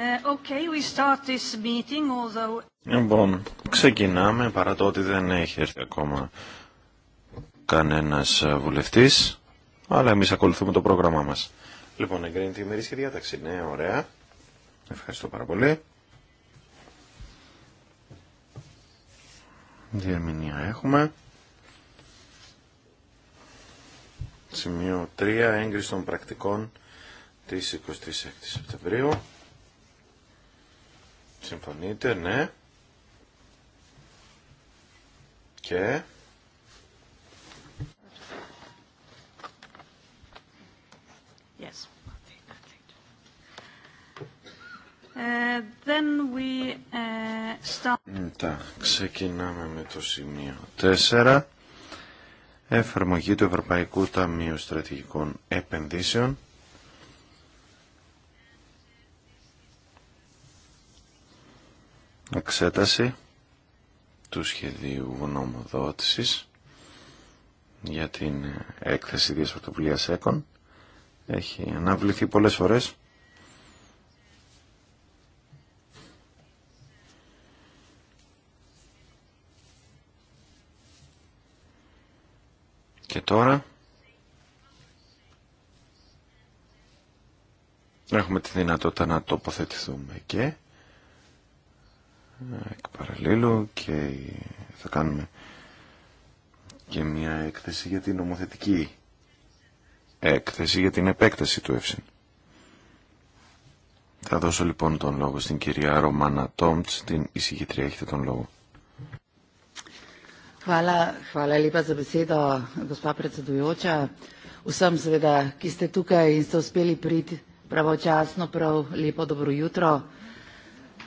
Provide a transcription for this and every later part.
Ε, okay, we start this meeting, although... Λοιπόν, ξεκινάμε παρά το ότι δεν έχει έρθει ακόμα κανένας ε, βουλευτής, αλλά εμείς ακολουθούμε το πρόγραμμά μας. Λοιπόν, εγκρίνεται η ημερήσια διάταξη. Ναι, ωραία. Ευχαριστώ πάρα πολύ. Διερμηνία έχουμε. Σημείο 3, έγκριση των πρακτικών της 26 Σεπτεμβρίου. Συμφωνείτε, ναι. Και... Yes. Ε, ε, Τα, ξεκινάμε με το σημείο 4. Εφαρμογή του Ευρωπαϊκού Ταμείου Στρατηγικών Επενδύσεων. εξέταση του σχεδίου γνωμοδότησης για την έκθεση της πρωτοβουλίας ΕΚΟΝ. Έχει αναβληθεί πολλές φορές. Και τώρα έχουμε τη δυνατότητα να τοποθετηθούμε και εκ παραλλήλου και θα κάνουμε και μια έκθεση για την νομοθετική έκθεση για την επέκταση του ΕΦΣΙΝ. Θα δώσω λοιπόν τον λόγο στην κυρία Ρωμάνα Τόμτς, την εισηγητρία. Έχετε τον λόγο. Hvala, hvala lepa za besedo, gospa predsedujoča. Vsem seveda, ki ste tukaj in ste uspeli priti pravočasno, prav lepo dobro jutro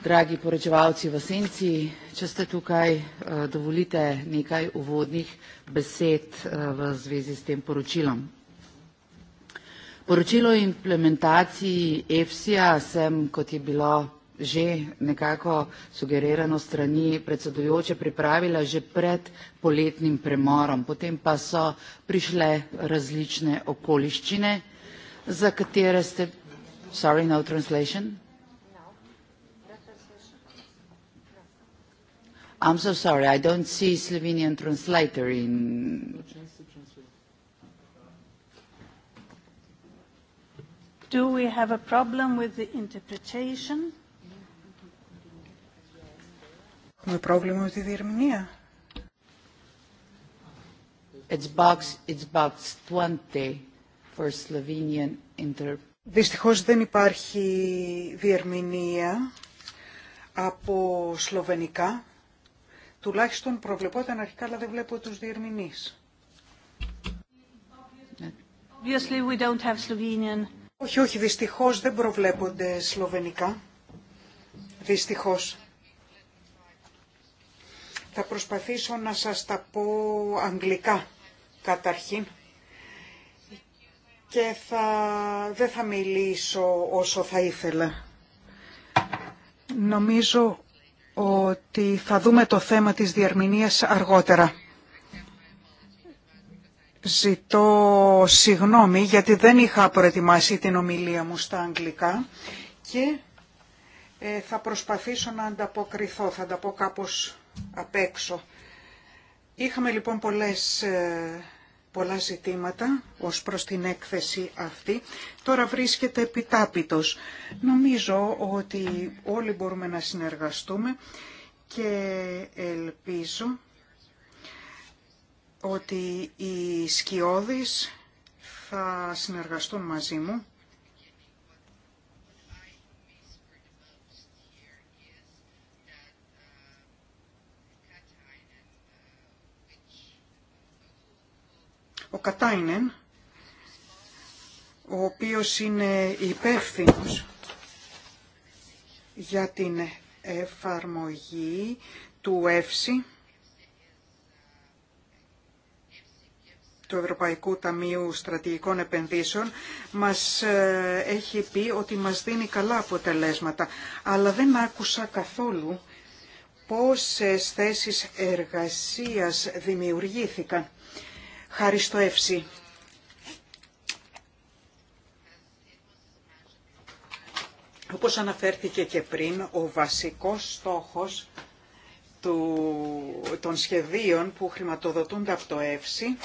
dragi poročevalci v senci. Če ste tukaj, dovolite nekaj uvodnih besed v zvezi s tem poročilom. Poročilo o implementaciji EFSI-ja sem, kot je bilo že nekako sugerirano strani predsedujoče pripravila že pred poletnim premorom. Potem pa so prišle različne okoliščine, za katere ste... Sorry, no translation. I'm so sorry, I don't see Slovenian translator in... Do we have a problem with the interpretation? Έχουμε πρόβλημα με τη διερμηνία. It's box, it's box 20 for Slovenian inter... Δυστυχώς δεν υπάρχει διερμηνία από σλοβενικά Τουλάχιστον προβλεπόταν αρχικά, αλλά δεν βλέπω τους διερμηνείς. we don't Όχι, όχι, δυστυχώς δεν προβλέπονται σλοβενικά. Δυστυχώς. Θα προσπαθήσω να σας τα πω αγγλικά καταρχήν και θα, δεν θα μιλήσω όσο θα ήθελα. Νομίζω ότι θα δούμε το θέμα της διαρμηνίας αργότερα. Ζητώ συγγνώμη γιατί δεν είχα προετοιμάσει την ομιλία μου στα αγγλικά και ε, θα προσπαθήσω να ανταποκριθώ, θα τα πω κάπως απ' έξω. Είχαμε λοιπόν πολλές ε, πολλά ζητήματα ως προς την έκθεση αυτή. Τώρα βρίσκεται επιτάπητος. Νομίζω ότι όλοι μπορούμε να συνεργαστούμε και ελπίζω ότι οι σκιώδεις θα συνεργαστούν μαζί μου ο Κατάινεν, ο οποίος είναι υπεύθυνο για την εφαρμογή του ΕΦΣΙ, του Ευρωπαϊκού Ταμείου Στρατηγικών Επενδύσεων μας ε, έχει πει ότι μας δίνει καλά αποτελέσματα. Αλλά δεν άκουσα καθόλου πόσες θέσεις εργασίας δημιουργήθηκαν χάρη στο Όπως αναφέρθηκε και πριν, ο βασικός στόχος των σχεδίων που χρηματοδοτούνται από το ΕΦΣΥ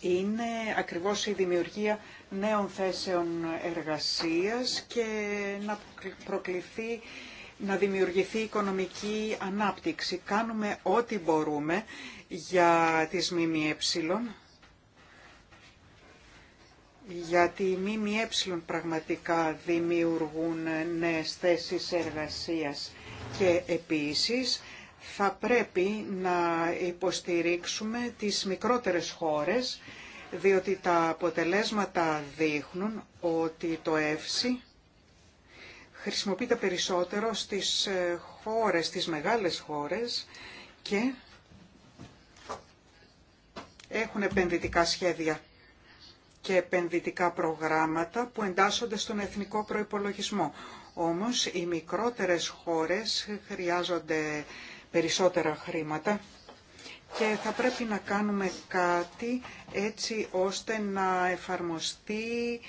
είναι ακριβώς η δημιουργία νέων θέσεων εργασίας και να προκληθεί να δημιουργηθεί οικονομική ανάπτυξη. Κάνουμε ό,τι μπορούμε για τις ΜΜΕ, γιατί οι ΜΜΕ πραγματικά δημιουργούν νέες θέσεις εργασίας και επίσης θα πρέπει να υποστηρίξουμε τις μικρότερες χώρες, διότι τα αποτελέσματα δείχνουν ότι το ΕΦΣΙ χρησιμοποιείται περισσότερο στις ε, χώρες, στις μεγάλες χώρες και έχουν επενδυτικά σχέδια και επενδυτικά προγράμματα που εντάσσονται στον εθνικό προϋπολογισμό. Όμως οι μικρότερες χώρες χρειάζονται περισσότερα χρήματα και θα πρέπει να κάνουμε κάτι έτσι ώστε να εφαρμοστεί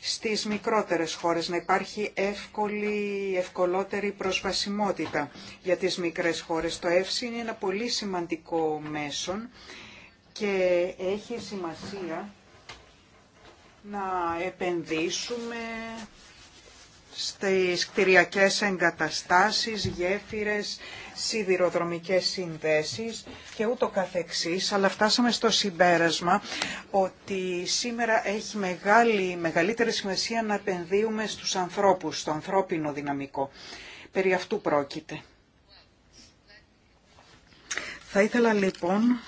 στις μικρότερες χώρες, να υπάρχει εύκολη, ευκολότερη προσβασιμότητα για τις μικρές χώρες. Το ΕΦΣΙ είναι ένα πολύ σημαντικό μέσον και έχει σημασία να επενδύσουμε στις κτηριακές εγκαταστάσεις, γέφυρες, σιδηροδρομικές συνδέσεις και ούτω καθεξής, αλλά φτάσαμε στο συμπέρασμα ότι σήμερα έχει μεγάλη, μεγαλύτερη σημασία να επενδύουμε στους ανθρώπους, στο ανθρώπινο δυναμικό. Περί αυτού πρόκειται. Θα ήθελα λοιπόν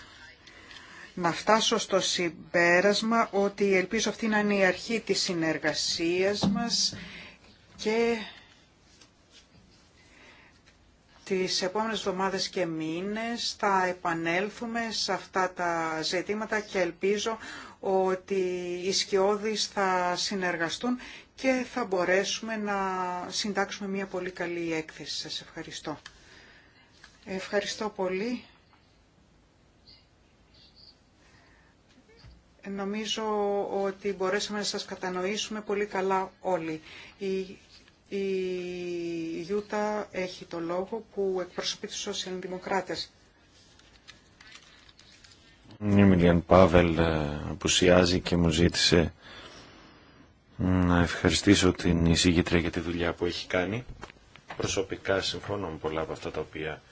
να φτάσω στο συμπέρασμα ότι ελπίζω αυτή να είναι η αρχή της συνεργασίας μας και τις επόμενες εβδομάδες και μήνες θα επανέλθουμε σε αυτά τα ζητήματα και ελπίζω ότι οι σκιώδεις θα συνεργαστούν και θα μπορέσουμε να συντάξουμε μια πολύ καλή έκθεση. Σας ευχαριστώ. Ευχαριστώ πολύ. Νομίζω ότι μπορέσαμε να σας κατανοήσουμε πολύ καλά όλοι. Η, η Ιούτα έχει το λόγο που εκπροσωπεί τους σοσιαλδημοκράτες. Η Μιλιαν Πάβελ ε, απουσιάζει και μου ζήτησε να ευχαριστήσω την εισηγήτρια για τη δουλειά που έχει κάνει. Προσωπικά συμφωνώ με πολλά από αυτά τα οποία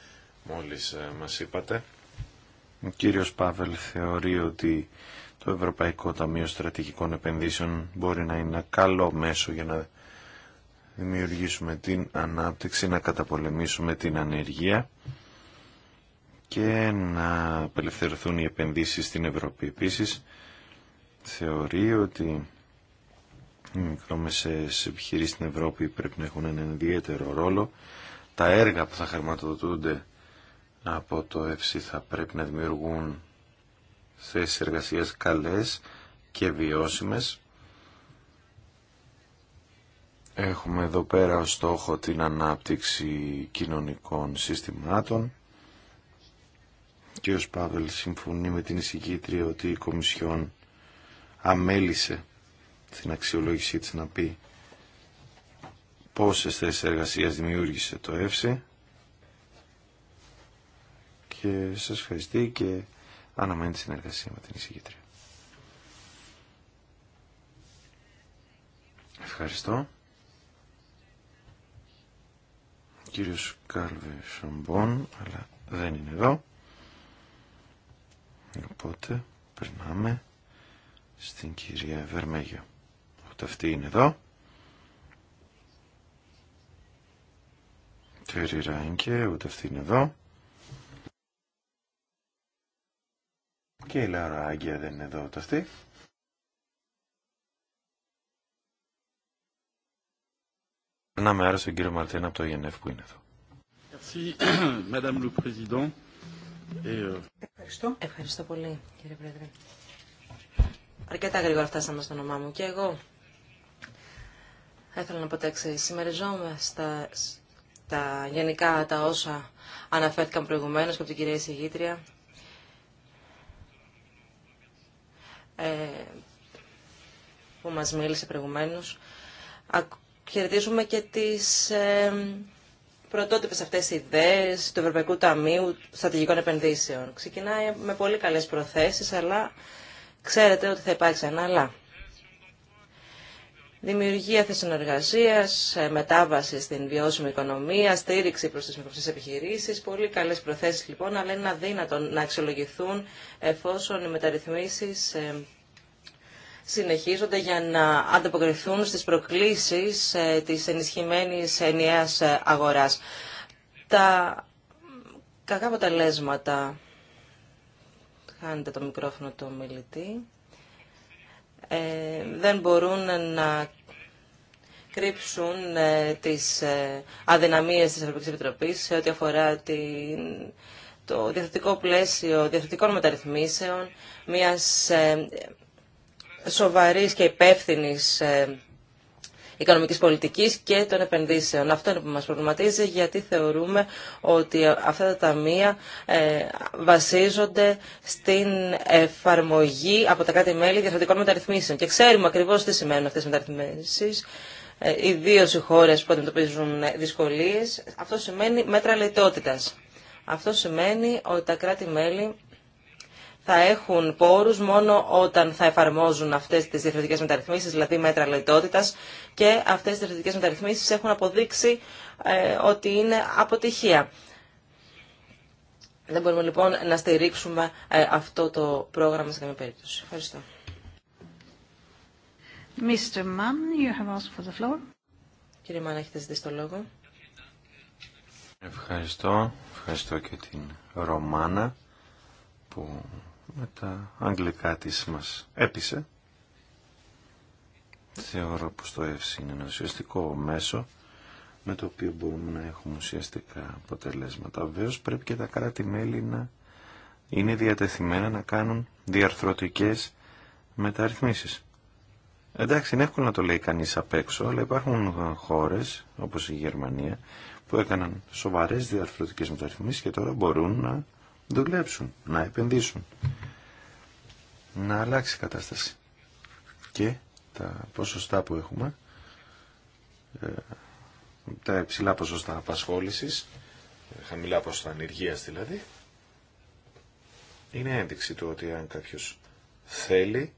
μόλις ε, μας είπατε. Ο κύριος Πάβελ θεωρεί ότι το Ευρωπαϊκό Ταμείο Στρατηγικών Επενδύσεων μπορεί να είναι ένα καλό μέσο για να δημιουργήσουμε την ανάπτυξη, να καταπολεμήσουμε την ανεργία και να απελευθερωθούν οι επενδύσεις στην Ευρώπη. Επίσης, θεωρεί ότι οι μικρόμεσες επιχειρήσεις στην Ευρώπη πρέπει να έχουν έναν ιδιαίτερο ρόλο. Τα έργα που θα χρηματοδοτούνται από το ΕΦΣΥ θα πρέπει να δημιουργούν θέσεις εργασίας καλές και βιώσιμες. Έχουμε εδώ πέρα ως στόχο την ανάπτυξη κοινωνικών συστημάτων. ο Πάβελ συμφωνεί με την εισηγήτρια ότι η Κομισιόν αμέλησε την αξιολόγησή της να πει πόσες θέσεις εργασίας δημιούργησε το ΕΦΣΙ και σας ευχαριστεί και αναμένει τη συνεργασία με την εισηγήτρια. Ευχαριστώ. Κύριο κύριος Κάλβε Σομπόν, αλλά δεν είναι εδώ. Οπότε περνάμε στην κυρία Βερμέγιο. Ούτε αυτή είναι εδώ. Τέρι Ράγκε, ούτε αυτή είναι εδώ. Και η Λάρα Άγκια δεν είναι εδώ αυτή. Να με άρεσε τον κύριο Μαρτίνα από το ΙΕΝΕΦ που είναι εδώ. Euh, Ευχαριστώ. Ευχαριστώ πολύ κύριε Πρόεδρε. Αρκετά γρήγορα φτάσαμε στο όνομά μου και εγώ. Θα ήθελα να πω τα εξή. Συμμεριζόμαι στα, στα γενικά τα όσα αναφέρθηκαν προηγουμένω και από την κυρία Εισηγήτρια Ε, που μας μίλησε προηγουμένως. Χαιρετίζουμε και τις ε, πρωτότυπες αυτές ιδέες του Ευρωπαϊκού Ταμείου Στατηγικών Επενδύσεων. Ξεκινάει με πολύ καλές προθέσεις, αλλά ξέρετε ότι θα υπάρξει ένα αλλά δημιουργία θέσεων εργασία, ε, μετάβαση στην βιώσιμη οικονομία, στήριξη προ τι μικρομεσαίε επιχειρήσει. Πολύ καλέ προθέσει λοιπόν, αλλά είναι αδύνατο να αξιολογηθούν εφόσον οι μεταρρυθμίσει ε, συνεχίζονται για να ανταποκριθούν στις προκλήσεις ε, της ενισχυμένης ενιαίας αγοράς. Τα κακά αποτελέσματα... Χάνετε το μικρόφωνο του ομιλητή. Ε, δεν μπορούν να κρύψουν ε, τις ε, αδυναμίες της Ευρωπαϊκής Επιτροπής σε ό,τι αφορά την, το διαθετικό πλαίσιο διαθετικών μεταρρυθμίσεων, μιας ε, σοβαρής και υπεύθυνης οικονομικής πολιτικής και των επενδύσεων. Αυτό είναι που μας προβληματίζει γιατί θεωρούμε ότι αυτά τα ταμεία βασίζονται στην εφαρμογή από τα κάτι μελη διαθετικών μεταρρυθμίσεων. Και ξέρουμε ακριβώς τι σημαίνουν αυτές οι μεταρρυθμίσεις. Ε, ιδίως οι χώρες που αντιμετωπίζουν ε, δυσκολίες. Αυτό σημαίνει μέτρα λιτότητας. Αυτό σημαίνει ότι τα κράτη-μέλη θα έχουν πόρους μόνο όταν θα εφαρμόζουν αυτές τις διευθυντικές μεταρρυθμίσεις, δηλαδή μέτρα λιτότητας και αυτές τις διευθυντικές μεταρρυθμίσεις έχουν αποδείξει ε, ότι είναι αποτυχία. Δεν μπορούμε λοιπόν να στηρίξουμε αυτό το πρόγραμμα σε καμία περίπτωση. Ευχαριστώ. Κύριε έχετε ζητήσει το λόγο. Ευχαριστώ. Ευχαριστώ και την Ρωμάνα που με τα αγγλικά της μας έπεισε. Θεωρώ πως το ΕΦΣΙ είναι ένα ουσιαστικό μέσο με το οποίο μπορούμε να έχουμε ουσιαστικά αποτελέσματα. Βεβαίω πρέπει και τα κράτη-μέλη να είναι διατεθειμένα να κάνουν διαρθρωτικές μεταρρυθμίσεις. Εντάξει, είναι εύκολο να το λέει κανείς απ' έξω, αλλά υπάρχουν χώρες, όπως η Γερμανία, που έκαναν σοβαρές διαρθρωτικές μεταρρυθμίσεις και τώρα μπορούν να δουλέψουν, να επενδύσουν, να αλλάξει η κατάσταση. Και τα ποσοστά που έχουμε, ε, τα υψηλά ποσοστά απασχόλησης, ε, χαμηλά ποσοστά ανεργίας δηλαδή, είναι ένδειξη του ότι αν κάποιος θέλει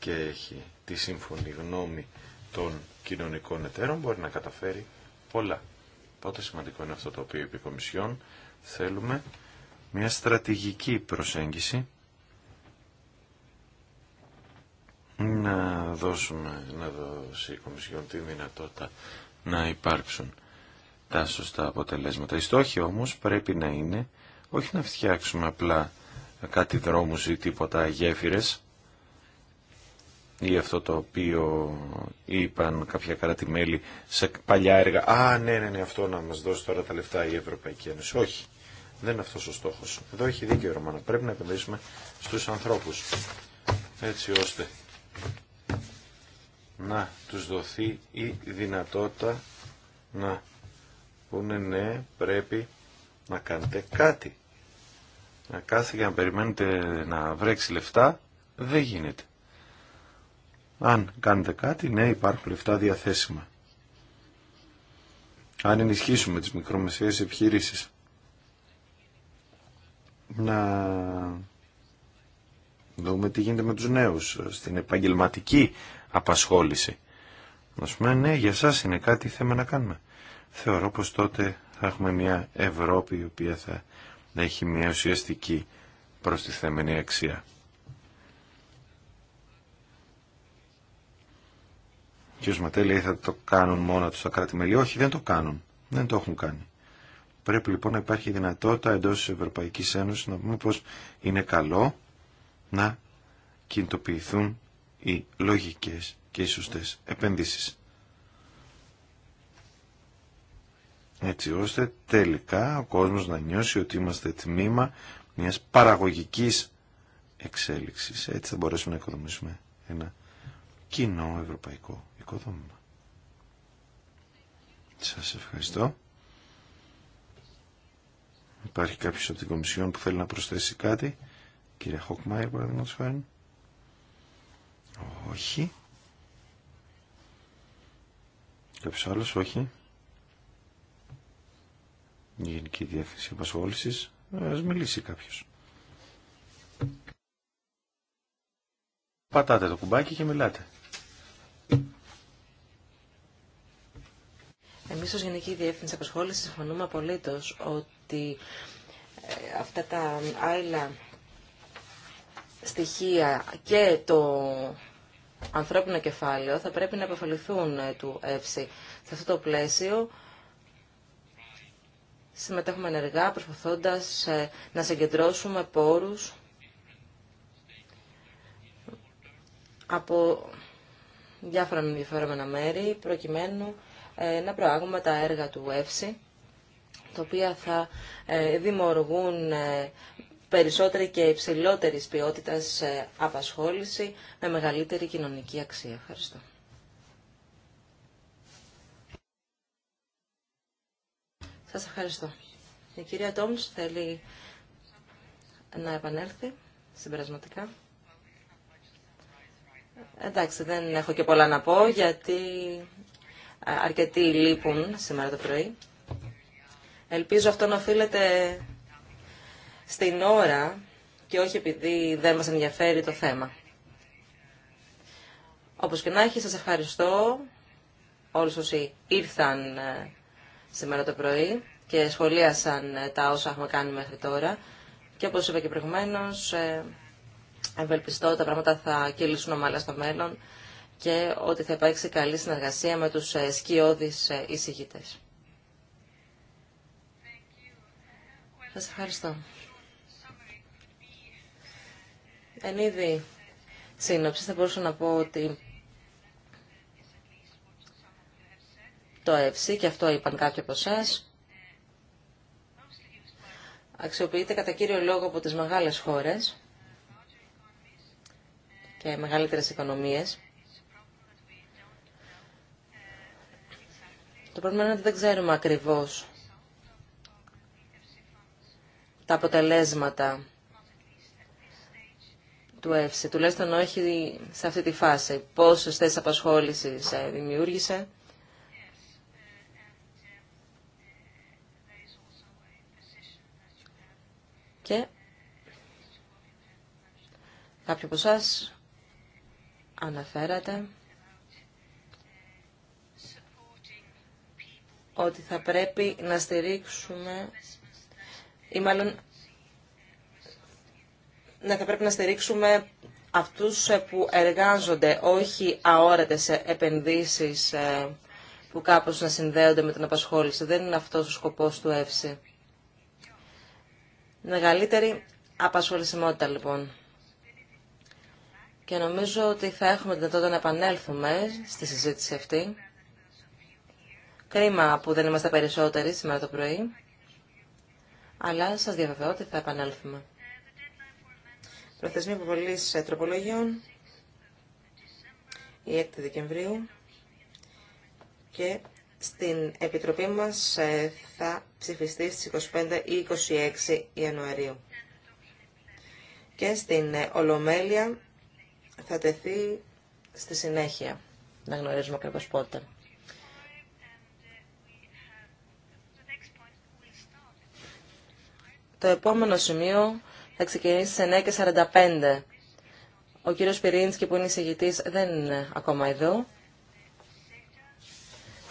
και έχει τη σύμφωνη γνώμη των κοινωνικών εταίρων μπορεί να καταφέρει πολλά. Πότε σημαντικό είναι αυτό το οποίο είπε Κομισιόν. Θέλουμε μια στρατηγική προσέγγιση να δώσουμε, να δώσει η Κομισιόν τη δυνατότητα να υπάρξουν τα σωστά αποτελέσματα. Η στόχη όμως πρέπει να είναι όχι να φτιάξουμε απλά κάτι δρόμους ή τίποτα γέφυρες, ή αυτό το οποίο είπαν κάποια κράτη-μέλη σε παλιά έργα. Α, ναι, ναι, ναι, αυτό να μα δώσει τώρα τα λεφτά η Ευρωπαϊκή Ένωση. Όχι, δεν είναι αυτός ο στόχος. Εδώ έχει δίκιο η Ρωμάνα. Πρέπει να επενδύσουμε στους ανθρώπους. Έτσι ώστε να τους δοθεί η δυνατότητα να πούνε ναι, πρέπει να κάνετε κάτι. Να κάθετε και να περιμένετε να βρέξει λεφτά, δεν γίνεται αν κάνετε κάτι, ναι υπάρχουν λεφτά διαθέσιμα. Αν ενισχύσουμε τις μικρομεσαίες επιχειρήσεις. Να δούμε τι γίνεται με τους νέους στην επαγγελματική απασχόληση. Να σου πούμε, ναι, για σας είναι κάτι θέμα να κάνουμε. Θεωρώ πως τότε θα έχουμε μια Ευρώπη η οποία θα έχει μια ουσιαστική προστιθέμενη αξία. κ. Ματέλη θα το κάνουν μόνο του τα κράτη-μέλη. Όχι, δεν το κάνουν. Δεν το έχουν κάνει. Πρέπει λοιπόν να υπάρχει δυνατότητα εντό της Ευρωπαϊκής Ένωσης να πούμε πω είναι καλό να κινητοποιηθούν οι λογικές και οι σωστέ επενδύσεις. Έτσι ώστε τελικά ο κόσμος να νιώσει ότι είμαστε τμήμα μιας παραγωγικής εξέλιξης. Έτσι θα μπορέσουμε να οικοδομήσουμε ένα κοινό ευρωπαϊκό οικοδόμημα. Σας ευχαριστώ. Υπάρχει κάποιος από την Κομισιόν που θέλει να προσθέσει κάτι. Κύριε Χοκμάιρ, παραδείγματος χάρη. Όχι. Κάποιος άλλος, όχι. Η Γενική Διεύθυνση Απασχόλησης. Ας μιλήσει κάποιος. Πατάτε το κουμπάκι και μιλάτε. Εμεί ως Γενική Διεύθυνση Απασχόληση συμφωνούμε απολύτω ότι ε, αυτά τα άλλα στοιχεία και το ανθρώπινο κεφάλαιο θα πρέπει να αποφεληθούν ε, του ΕΦΣΥ. Σε αυτό το πλαίσιο συμμετέχουμε ενεργά προσπαθώντας ε, να συγκεντρώσουμε πόρους από διάφορα ενδιαφέρομενα μέρη προκειμένου να προάγουμε τα έργα του ΕΦΣΥ, τα οποία θα ε, δημιουργούν ε, περισσότερη και υψηλότερης ποιότητας απασχόληση με μεγαλύτερη κοινωνική αξία. Ευχαριστώ. Σας ευχαριστώ. Η κυρία Τόμς θέλει να επανέλθει συμπερασματικά. Εντάξει, δεν έχω και πολλά να πω, γιατί αρκετοί λείπουν σήμερα το πρωί. Ελπίζω αυτό να οφείλεται στην ώρα και όχι επειδή δεν μας ενδιαφέρει το θέμα. Όπως και να έχει, σας ευχαριστώ όλους όσοι ήρθαν ε, σήμερα το πρωί και σχολίασαν ε, τα όσα έχουμε κάνει μέχρι τώρα. Και όπως είπα και προηγουμένως, ε, ευελπιστώ τα πράγματα θα κυλήσουν ομαλά στο μέλλον και ότι θα υπάρξει καλή συνεργασία με τους ε, σκιώδεις ε, εισηγητές. Σας ευχαριστώ. Εν είδη σύνοψης θα μπορούσα να πω ότι το ΕΦΣΥ, και αυτό είπαν κάποιοι από εσά. αξιοποιείται κατά κύριο λόγο από τις μεγάλες χώρες και μεγαλύτερες οικονομίες Το πρόβλημα είναι ότι δεν ξέρουμε ακριβώς τα αποτελέσματα του ΕΦΣΕ. τουλάχιστον όχι σε αυτή τη φάση. Πόσες θέσεις απασχόλησης ε, δημιούργησε. Και κάποιοι από εσάς αναφέρατε ότι θα πρέπει να στηρίξουμε ή να θα πρέπει να στηρίξουμε αυτούς που εργάζονται, όχι αόρατες επενδύσεις ε, που κάπως να συνδέονται με την απασχόληση. Δεν είναι αυτός ο σκοπός του ΕΦΣΥ. Μεγαλύτερη απασχολησιμότητα λοιπόν. Και νομίζω ότι θα έχουμε την δυνατότητα να επανέλθουμε στη συζήτηση αυτή. Κρίμα που δεν είμαστε περισσότεροι σήμερα το πρωί, αλλά σας διαβεβαιώ ότι θα επανέλθουμε. Προθεσμή υποβολή τροπολογιών, η 6 Δεκεμβρίου και στην Επιτροπή μας ε, θα ψηφιστεί στις 25 ή 26 Ιανουαρίου. Και στην ε, Ολομέλεια θα τεθεί στη συνέχεια, να γνωρίζουμε ακριβώς πότε. Το επόμενο σημείο θα ξεκινήσει σε 9.45. Ο κύριος Πυρίνσκι που είναι εισηγητής δεν είναι ακόμα εδώ.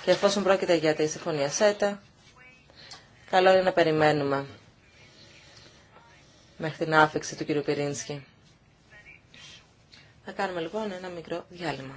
Και εφόσον πρόκειται για τη συμφωνία ΣΕΤΑ, καλό είναι να περιμένουμε μέχρι την άφηξη του κύριου Πυρίνσκι. Θα κάνουμε λοιπόν ένα μικρό διάλειμμα.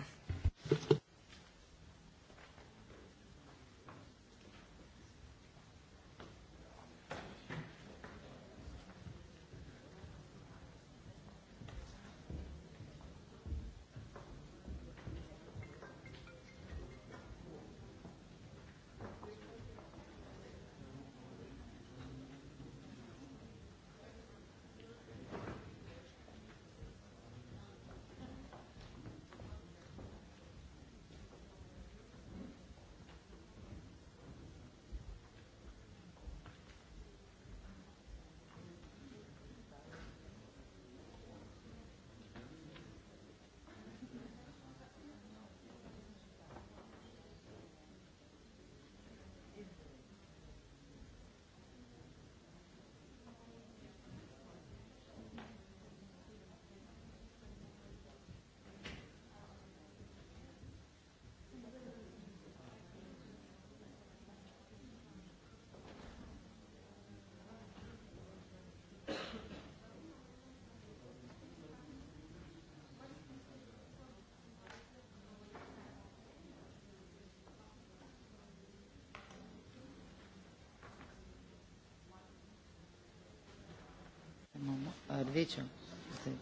Δεν ξέρω τι θα πει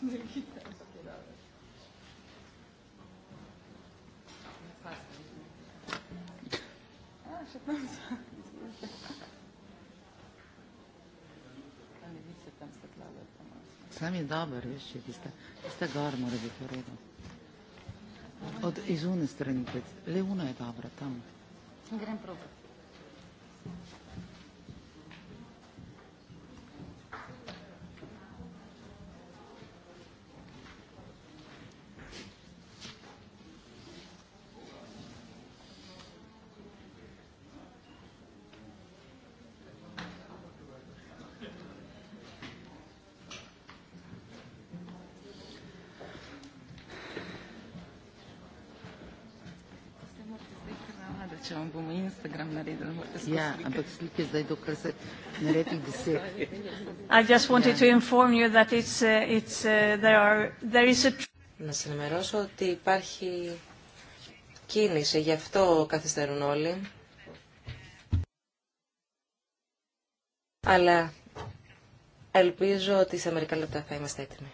τώρα. Α, δεν ξέρω τι θα πει τώρα. είναι πολύ ωραία. Να σας ενημερώσω ότι υπάρχει κίνηση, γι' αυτό καθυστερούν όλοι. Αλλά ελπίζω ότι σε μερικά λεπτά θα είμαστε έτοιμοι.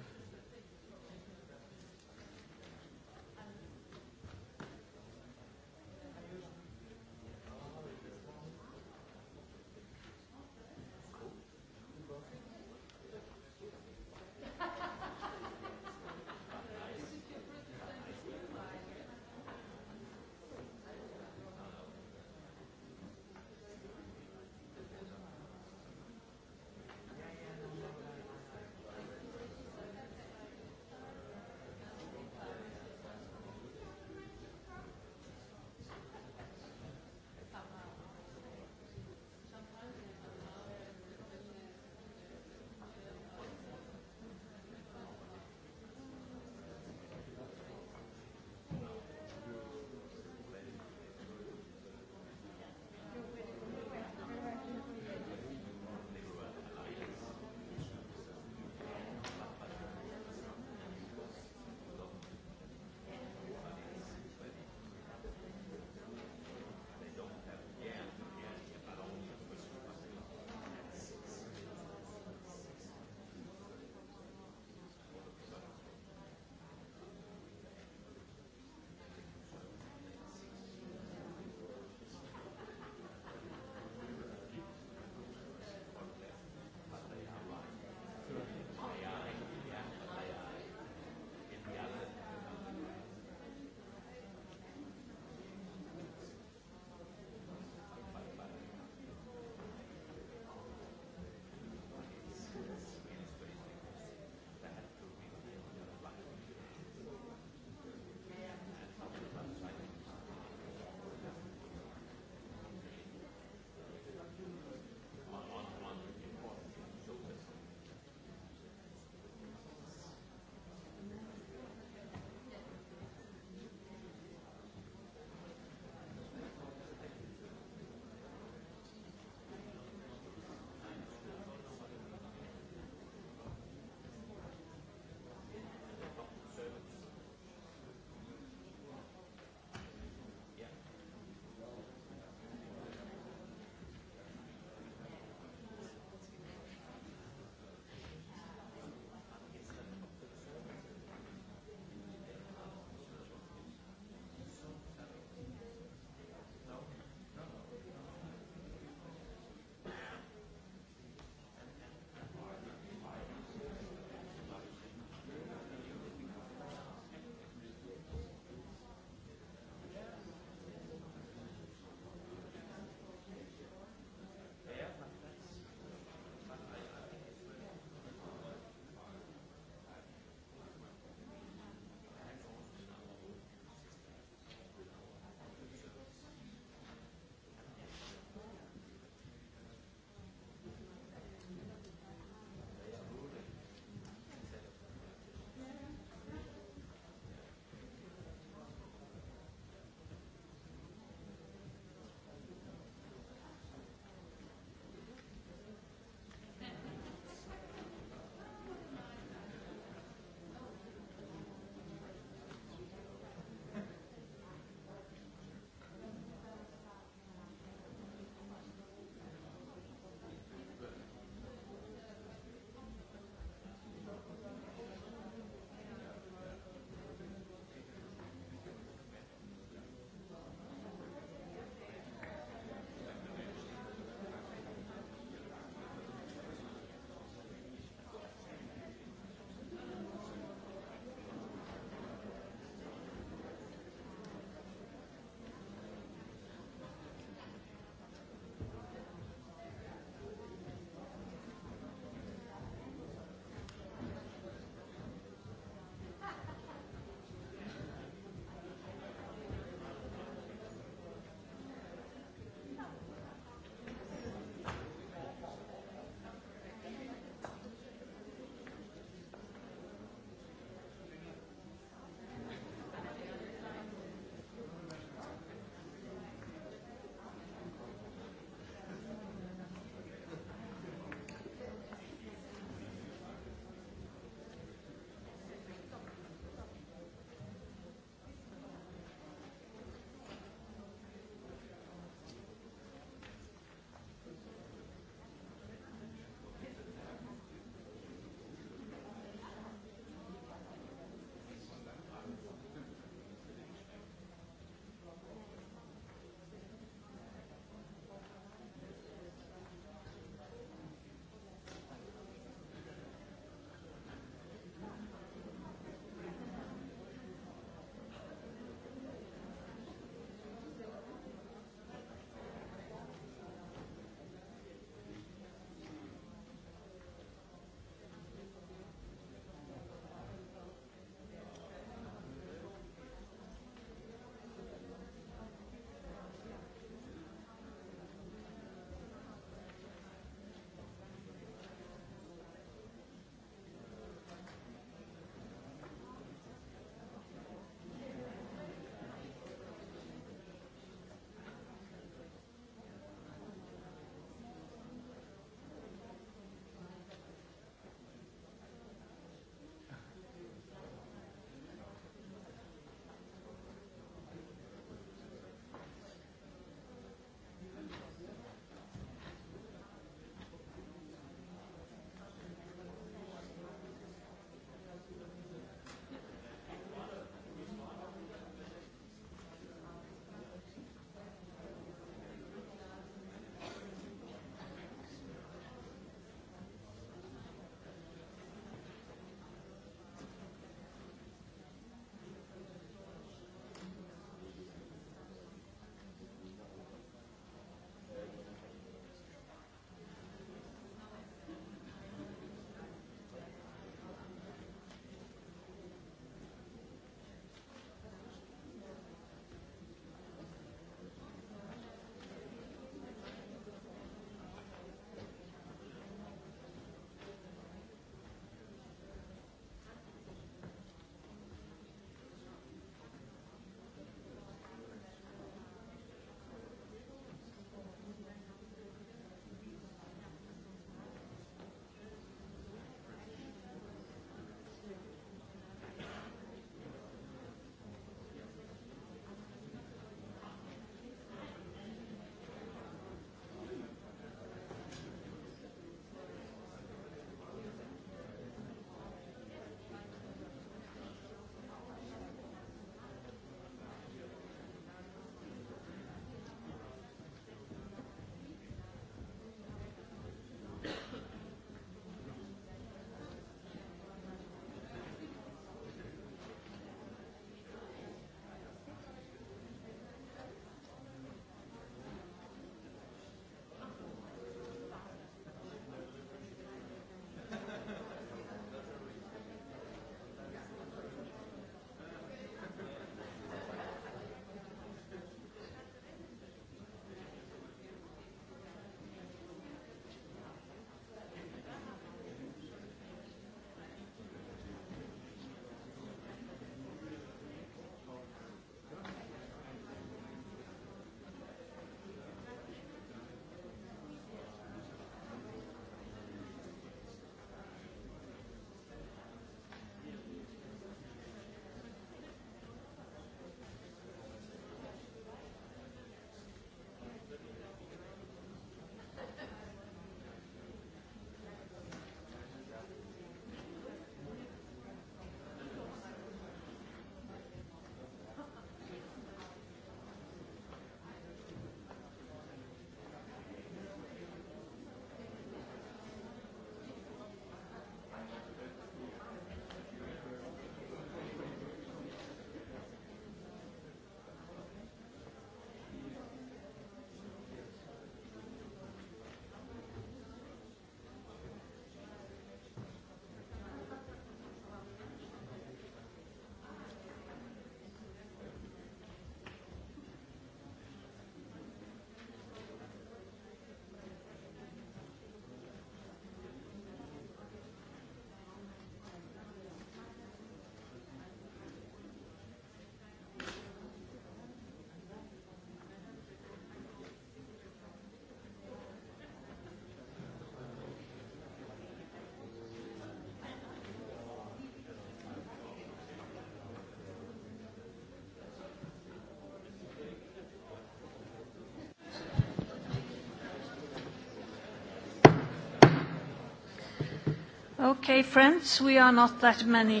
Okay, friends, we are not that many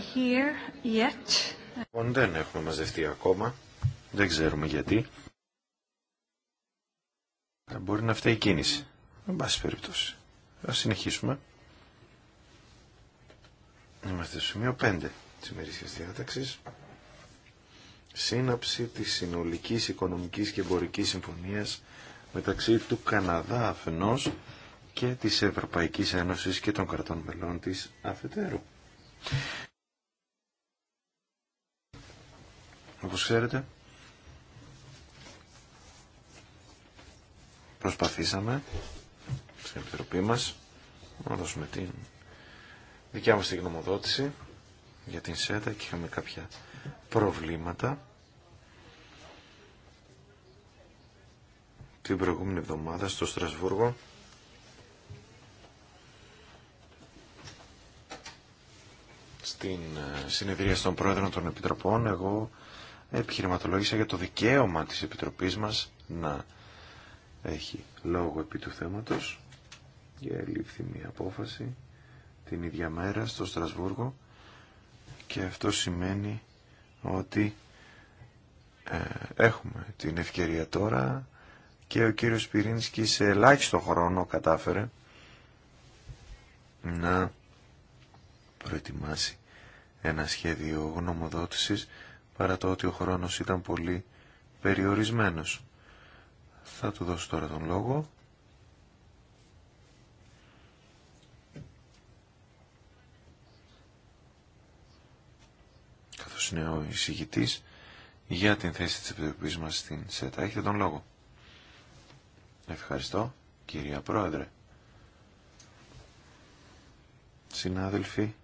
Λοιπόν, δεν έχουμε μαζευτεί ακόμα. Δεν ξέρουμε γιατί. Ε, μπορεί να φταίει η κίνηση. Εν πάση περιπτώσει. Ας συνεχίσουμε. Είμαστε στο σημείο 5 της ημερήσιας διάταξης. Σύναψη της συνολικής οικονομικής και εμπορικής συμφωνίας μεταξύ του Καναδά αφενός και της Ευρωπαϊκής Ένωσης και των κρατών μελών της αφετέρου. Όπως ξέρετε, προσπαθήσαμε στην Επιτροπή μας να δώσουμε την δικιά μας τη γνωμοδότηση για την ΣΕΤΑ και είχαμε κάποια προβλήματα. Την προηγούμενη εβδομάδα στο Στρασβούργο στην ε, συνεδρία των Πρόεδρων των Επιτροπών εγώ επιχειρηματολόγησα για το δικαίωμα της Επιτροπής μας να έχει λόγο επί του θέματος και λήφθη μια απόφαση την ίδια μέρα στο Στρασβούργο και αυτό σημαίνει ότι ε, έχουμε την ευκαιρία τώρα και ο κύριος Πυρίνσκι σε ελάχιστο χρόνο κατάφερε να προετοιμάσει ένα σχέδιο γνωμοδότησης παρά το ότι ο χρόνος ήταν πολύ περιορισμένος. Θα του δώσω τώρα τον λόγο. Καθώς είναι ο εισηγητής για την θέση της επιτροπής μας στην ΣΕΤΑ. Έχετε τον λόγο. Ευχαριστώ, κυρία Πρόεδρε. Συνάδελφοι,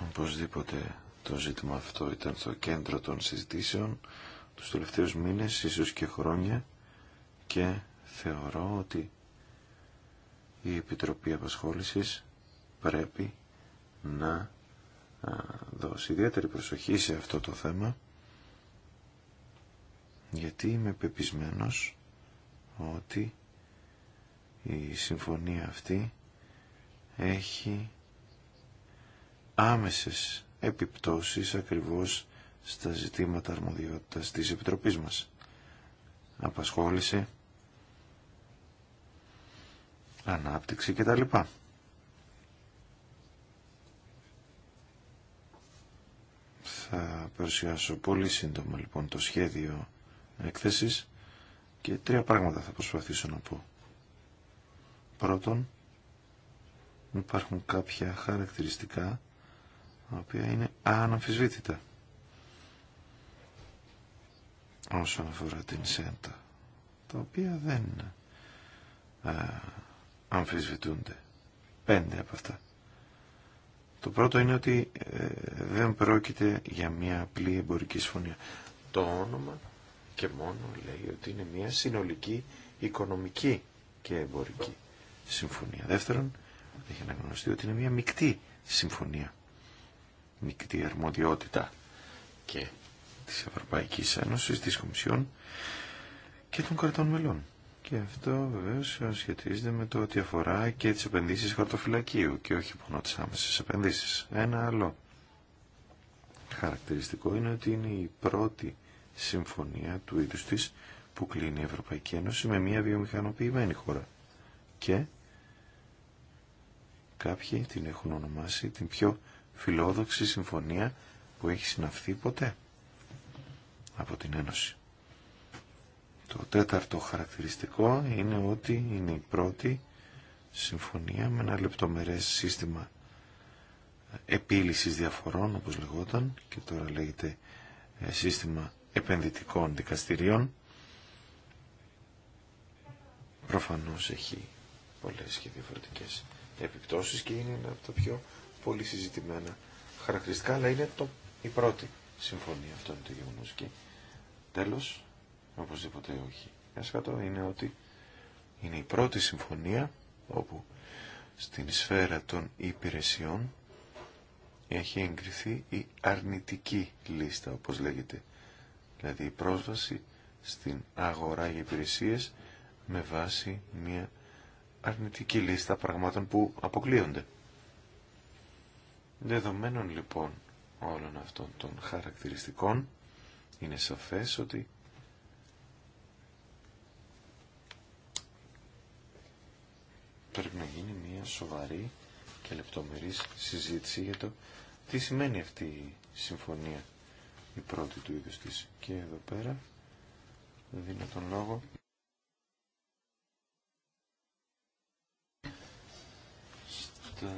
Οπωσδήποτε το ζήτημα αυτό ήταν στο κέντρο των συζητήσεων τους τελευταίους μήνες, ίσως και χρόνια και θεωρώ ότι η Επιτροπή Απασχόλησης πρέπει να δώσει ιδιαίτερη προσοχή σε αυτό το θέμα γιατί είμαι πεπισμένος ότι η συμφωνία αυτή έχει άμεσες επιπτώσεις ακριβώς στα ζητήματα αρμοδιότητας της Επιτροπής μας. Απασχόληση, ανάπτυξη κτλ. Θα παρουσιάσω πολύ σύντομα λοιπόν το σχέδιο έκθεσης και τρία πράγματα θα προσπαθήσω να πω. Πρώτον, υπάρχουν κάποια χαρακτηριστικά τα οποία είναι αναμφισβήτητα όσον αφορά την ΣΕΝΤΑ, τα οποία δεν α, ε, αμφισβητούνται. Πέντε από αυτά. Το πρώτο είναι ότι ε, δεν πρόκειται για μια απλή εμπορική συμφωνία. Το όνομα και μόνο λέει ότι είναι μια συνολική οικονομική και εμπορική συμφωνία. Δεύτερον, έχει αναγνωστεί ότι είναι μια μεικτή συμφωνία μεικτή αρμοδιότητα και της Ευρωπαϊκής Ένωσης, της Κομισιόν και των κρατών μελών. Και αυτό βεβαίω σχετίζεται με το ότι αφορά και τις επενδύσεις χαρτοφυλακίου και όχι μόνο τις άμεσες επενδύσεις. Ένα άλλο χαρακτηριστικό είναι ότι είναι η πρώτη συμφωνία του είδους της που κλείνει η Ευρωπαϊκή Ένωση με μια βιομηχανοποιημένη χώρα. Και κάποιοι την έχουν ονομάσει την πιο φιλόδοξη συμφωνία που έχει συναυθεί ποτέ από την Ένωση. Το τέταρτο χαρακτηριστικό είναι ότι είναι η πρώτη συμφωνία με ένα λεπτομερές σύστημα επίλυσης διαφορών όπως λεγόταν και τώρα λέγεται ε, σύστημα επενδυτικών δικαστηρίων. Προφανώς έχει πολλές και διαφορετικές επιπτώσεις και είναι ένα από τα πιο πολύ συζητημένα χαρακτηριστικά, αλλά είναι το, η πρώτη συμφωνία. Αυτό είναι το γεγονό. Και τέλο, οπωσδήποτε όχι είναι ότι είναι η πρώτη συμφωνία όπου στην σφαίρα των υπηρεσιών έχει εγκριθεί η αρνητική λίστα, όπως λέγεται. Δηλαδή η πρόσβαση στην αγορά για υπηρεσίες με βάση μια αρνητική λίστα πραγμάτων που αποκλείονται. Δεδομένων λοιπόν όλων αυτών των χαρακτηριστικών είναι σαφές ότι πρέπει να γίνει μια σοβαρή και λεπτομερής συζήτηση για το τι σημαίνει αυτή η συμφωνία η πρώτη του είδους της. Και εδώ πέρα δίνω τον λόγο στα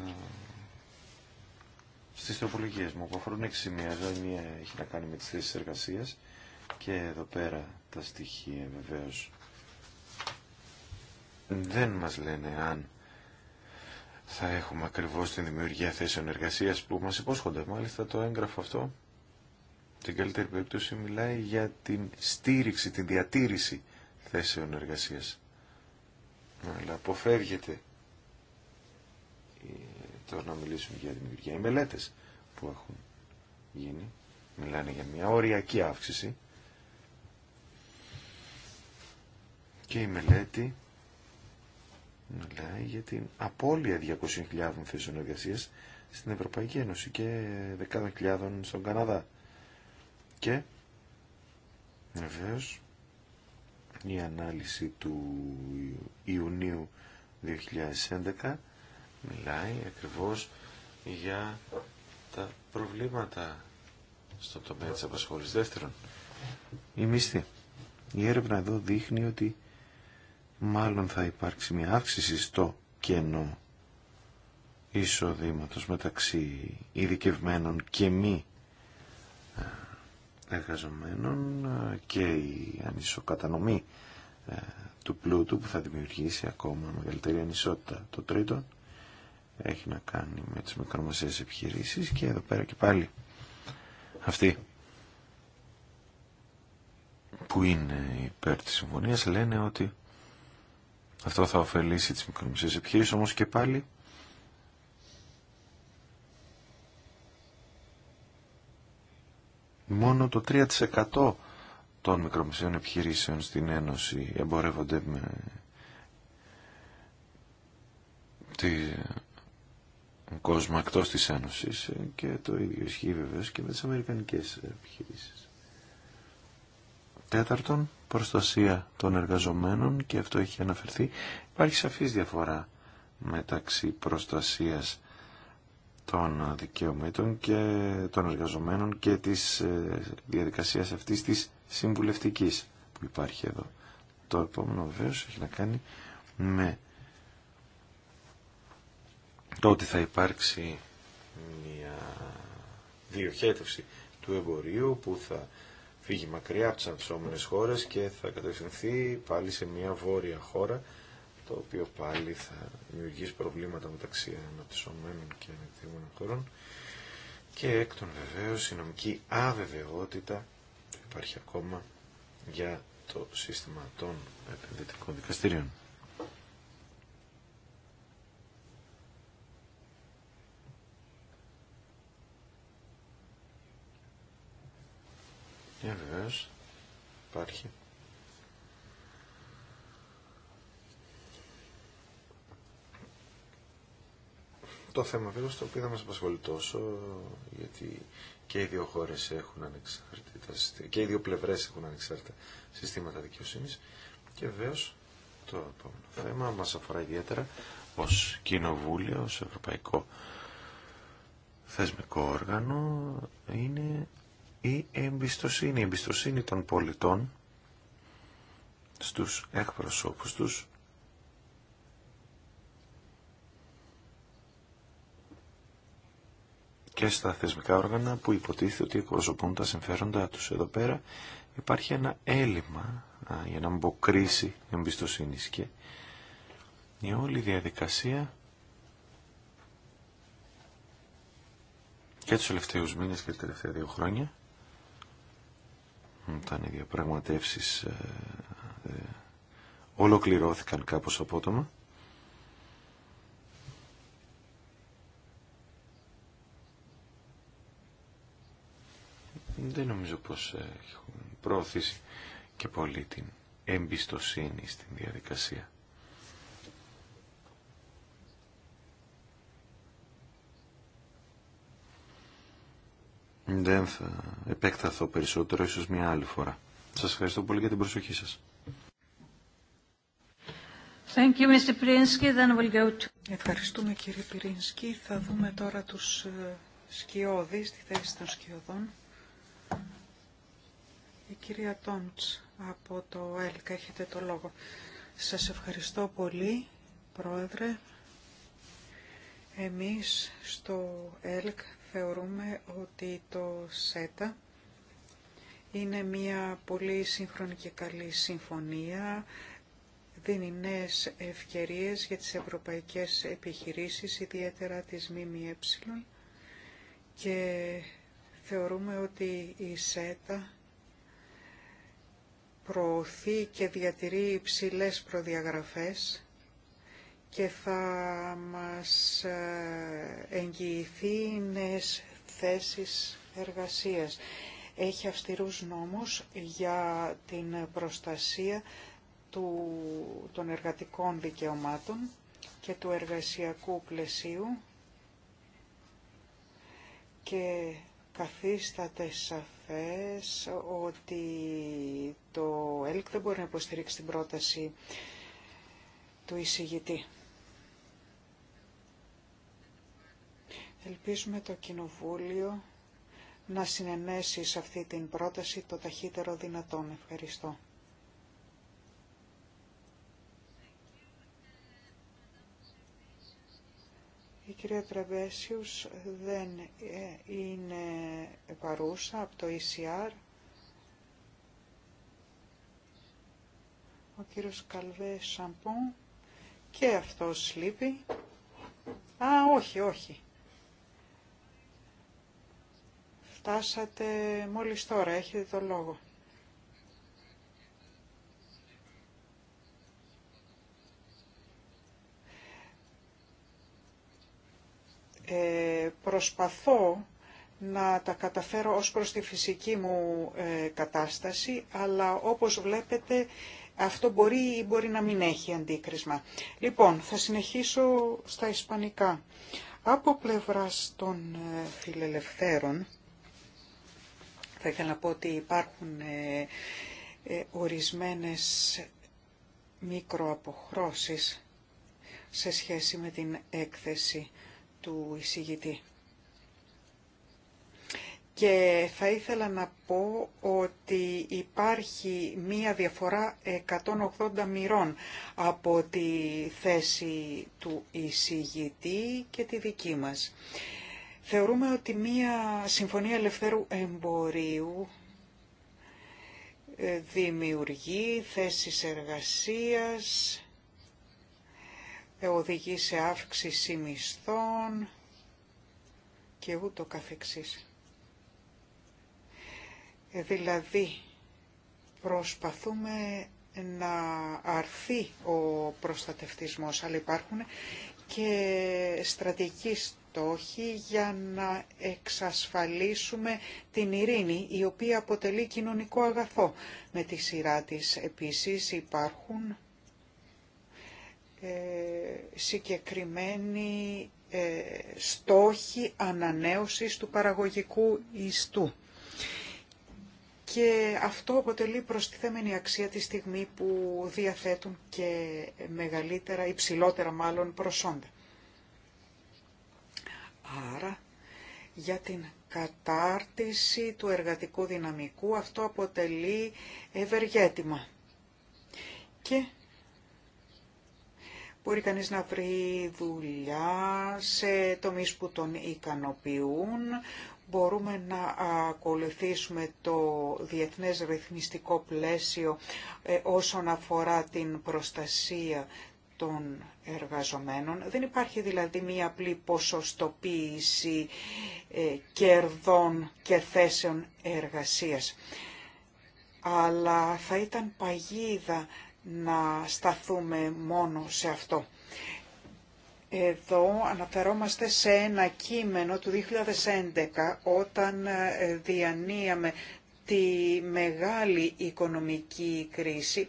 στις τροπολογίες μου που αφορούν έξι η μία έχει να κάνει με τις θέσεις εργασίας και εδώ πέρα τα στοιχεία βεβαίω. δεν μας λένε αν θα έχουμε ακριβώς την δημιουργία θέσεων εργασίας που μας υπόσχονται. Μάλιστα το έγγραφο αυτό, την καλύτερη περίπτωση, μιλάει για την στήριξη, την διατήρηση θέσεων εργασίας. Αλλά αποφεύγεται τώρα να μιλήσουμε για δημιουργία. Οι μελέτες που έχουν γίνει μιλάνε για μια οριακή αύξηση και η μελέτη μιλάει για την απώλεια 200.000 θέσεων εργασία στην Ευρωπαϊκή Ένωση και 10.000 στον Καναδά. Και βεβαίω η ανάλυση του Ιουνίου 2011 μιλάει ακριβώς για τα προβλήματα στο τομέα της απασχόλησης. Δεύτερον, η μισθή. Η έρευνα εδώ δείχνει ότι μάλλον θα υπάρξει μια αύξηση στο κενό εισοδήματος μεταξύ ειδικευμένων και μη ε, εργαζομένων ε, και η ανισοκατανομή ε, του πλούτου που θα δημιουργήσει ακόμα μεγαλύτερη ανισότητα. Το τρίτο, έχει να κάνει με τις μικρομεσαίες επιχειρήσεις και εδώ πέρα και πάλι αυτοί που είναι υπέρ της συμφωνίας λένε ότι αυτό θα ωφελήσει τις μικρομεσαίες επιχειρήσεις όμως και πάλι μόνο το 3% των μικρομεσαίων επιχειρήσεων στην Ένωση εμπορεύονται με κόσμο εκτό της Ένωση ε, και το ίδιο ισχύει βεβαίω και με τις αμερικανικές επιχειρήσεις. Τέταρτον, προστασία των εργαζομένων και αυτό έχει αναφερθεί. Υπάρχει σαφής διαφορά μεταξύ προστασίας των δικαιωμάτων και των εργαζομένων και της ε, διαδικασίας αυτής της συμβουλευτική που υπάρχει εδώ. Το επόμενο βεβαίω έχει να κάνει με το ότι θα υπάρξει μια διοχέτευση του εμπορίου που θα φύγει μακριά από τις χώρες και θα κατευθυνθεί πάλι σε μια βόρεια χώρα το οποίο πάλι θα δημιουργήσει προβλήματα μεταξύ αναπτυσσομένων και ανεπτυγμένων χωρών και έκτον των βεβαίως η νομική αβεβαιότητα υπάρχει ακόμα για το σύστημα των επενδυτικών δικαστηρίων. Ναι, βεβαίω. Υπάρχει. Το θέμα βέβαια στο οποίο δεν μας απασχολεί τόσο, γιατί και οι δύο χώρες έχουν ανεξάρτητα, και οι δύο πλευρές έχουν ανεξάρτητα συστήματα δικαιοσύνης και βεβαίω το επόμενο θέμα μας αφορά ιδιαίτερα ως κοινοβούλιο, ως ευρωπαϊκό θεσμικό όργανο είναι η εμπιστοσύνη, η εμπιστοσύνη των πολιτών στους εκπροσώπους τους και στα θεσμικά όργανα που υποτίθεται ότι εκπροσωπούν τα συμφέροντά τους. Εδώ πέρα υπάρχει ένα έλλειμμα για να μποκρίσει εμπιστοσύνης και η όλη διαδικασία και τους τελευταίους μήνες και τα τελευταία δύο χρόνια όταν οι διαπραγματεύσεις ε, ολοκληρώθηκαν κάπως απότομα. Δεν νομίζω πως έχουν προωθήσει και πολύ την εμπιστοσύνη στην διαδικασία. Δεν θα επέκταθω περισσότερο, ίσως μια άλλη φορά. Σας ευχαριστώ πολύ για την προσοχή σας. Thank you, Mr. Then we'll go to... Ευχαριστούμε κύριε Πυρίνσκι. Θα δούμε τώρα τους ε, σκιώδεις, τη θέση των σκιωδών. Η κυρία Τόντς από το ΕΛΚΑ, έχετε το λόγο. Σας ευχαριστώ πολύ, Πρόεδρε. Εμείς στο ΕΛΚ θεωρούμε ότι το ΣΕΤΑ είναι μια πολύ σύγχρονη και καλή συμφωνία, δίνει νέες ευκαιρίες για τις ευρωπαϊκές επιχειρήσεις, ιδιαίτερα της ΜΜΕ και θεωρούμε ότι η ΣΕΤΑ προωθεί και διατηρεί υψηλές προδιαγραφές και θα μας ε, εγγυηθεί νέες θέσεις εργασίας. Έχει αυστηρούς νόμους για την προστασία του, των εργατικών δικαιωμάτων και του εργασιακού πλαισίου και καθίσταται σαφές ότι το ΕΛΚ δεν μπορεί να υποστηρίξει την πρόταση του εισηγητή. Ελπίζουμε το Κοινοβούλιο να συνενέσει σε αυτή την πρόταση το ταχύτερο δυνατόν. Ευχαριστώ. Η κυρία Τραβέσιους δεν ε, είναι παρούσα από το ECR. Ο κύριος Καλβέ Σαμπον και αυτός λείπει. Α, όχι, όχι. φτάσατε μόλις τώρα, έχετε το λόγο. Ε, προσπαθώ να τα καταφέρω ως προς τη φυσική μου ε, κατάσταση, αλλά όπως βλέπετε αυτό μπορεί ή μπορεί να μην έχει αντίκρισμα. Λοιπόν, θα συνεχίσω στα ισπανικά. Από πλευράς των ε, φιλελευθέρων, θα ήθελα να πω ότι υπάρχουν ε, ε, ορισμένες μικροαποχρώσεις σε σχέση με την έκθεση του εισηγητή. Και θα ήθελα να πω ότι υπάρχει μία διαφορά 180 μοιρών από τη θέση του εισηγητή και τη δική μας. Θεωρούμε ότι μία συμφωνία ελευθέρου εμπορίου ε, δημιουργεί θέσεις εργασίας, ε, οδηγεί σε αύξηση μισθών και ούτω καθεξής. Ε, δηλαδή, προσπαθούμε να αρθεί ο προστατευτισμός, αλλά υπάρχουν και στρατηγικοί για να εξασφαλίσουμε την ειρήνη, η οποία αποτελεί κοινωνικό αγαθό. Με τη σειρά της επίσης υπάρχουν ε, συγκεκριμένοι ε, στόχοι ανανέωσης του παραγωγικού ιστού. Και αυτό αποτελεί προστιθέμενη αξία τη στιγμή που διαθέτουν και μεγαλύτερα, υψηλότερα μάλλον προσόντα. Άρα, για την κατάρτιση του εργατικού δυναμικού αυτό αποτελεί ευεργέτημα. Και Μπορεί κανείς να βρει δουλειά σε τομείς που τον ικανοποιούν. Μπορούμε να ακολουθήσουμε το διεθνές ρυθμιστικό πλαίσιο ε, όσον αφορά την προστασία των εργαζομένων. Δεν υπάρχει δηλαδή μία απλή ποσοστοποίηση ε, κερδών και θέσεων εργασίας. Αλλά θα ήταν παγίδα να σταθούμε μόνο σε αυτό. Εδώ αναφερόμαστε σε ένα κείμενο του 2011 όταν ε, διανύαμε τη μεγάλη οικονομική κρίση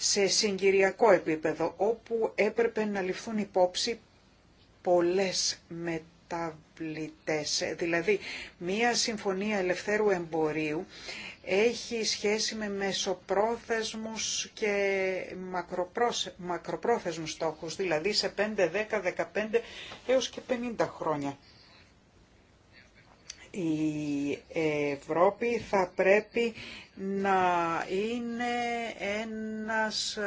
σε συγκυριακό επίπεδο, όπου έπρεπε να ληφθούν υπόψη πολλές μεταβλητές. Δηλαδή, μία συμφωνία ελευθέρου εμπορίου έχει σχέση με μεσοπρόθεσμους και μακροπρόθεσμους στόχους, δηλαδή σε 5, 10, 15 έως και 50 χρόνια. Η Ευρώπη θα πρέπει να είναι ένας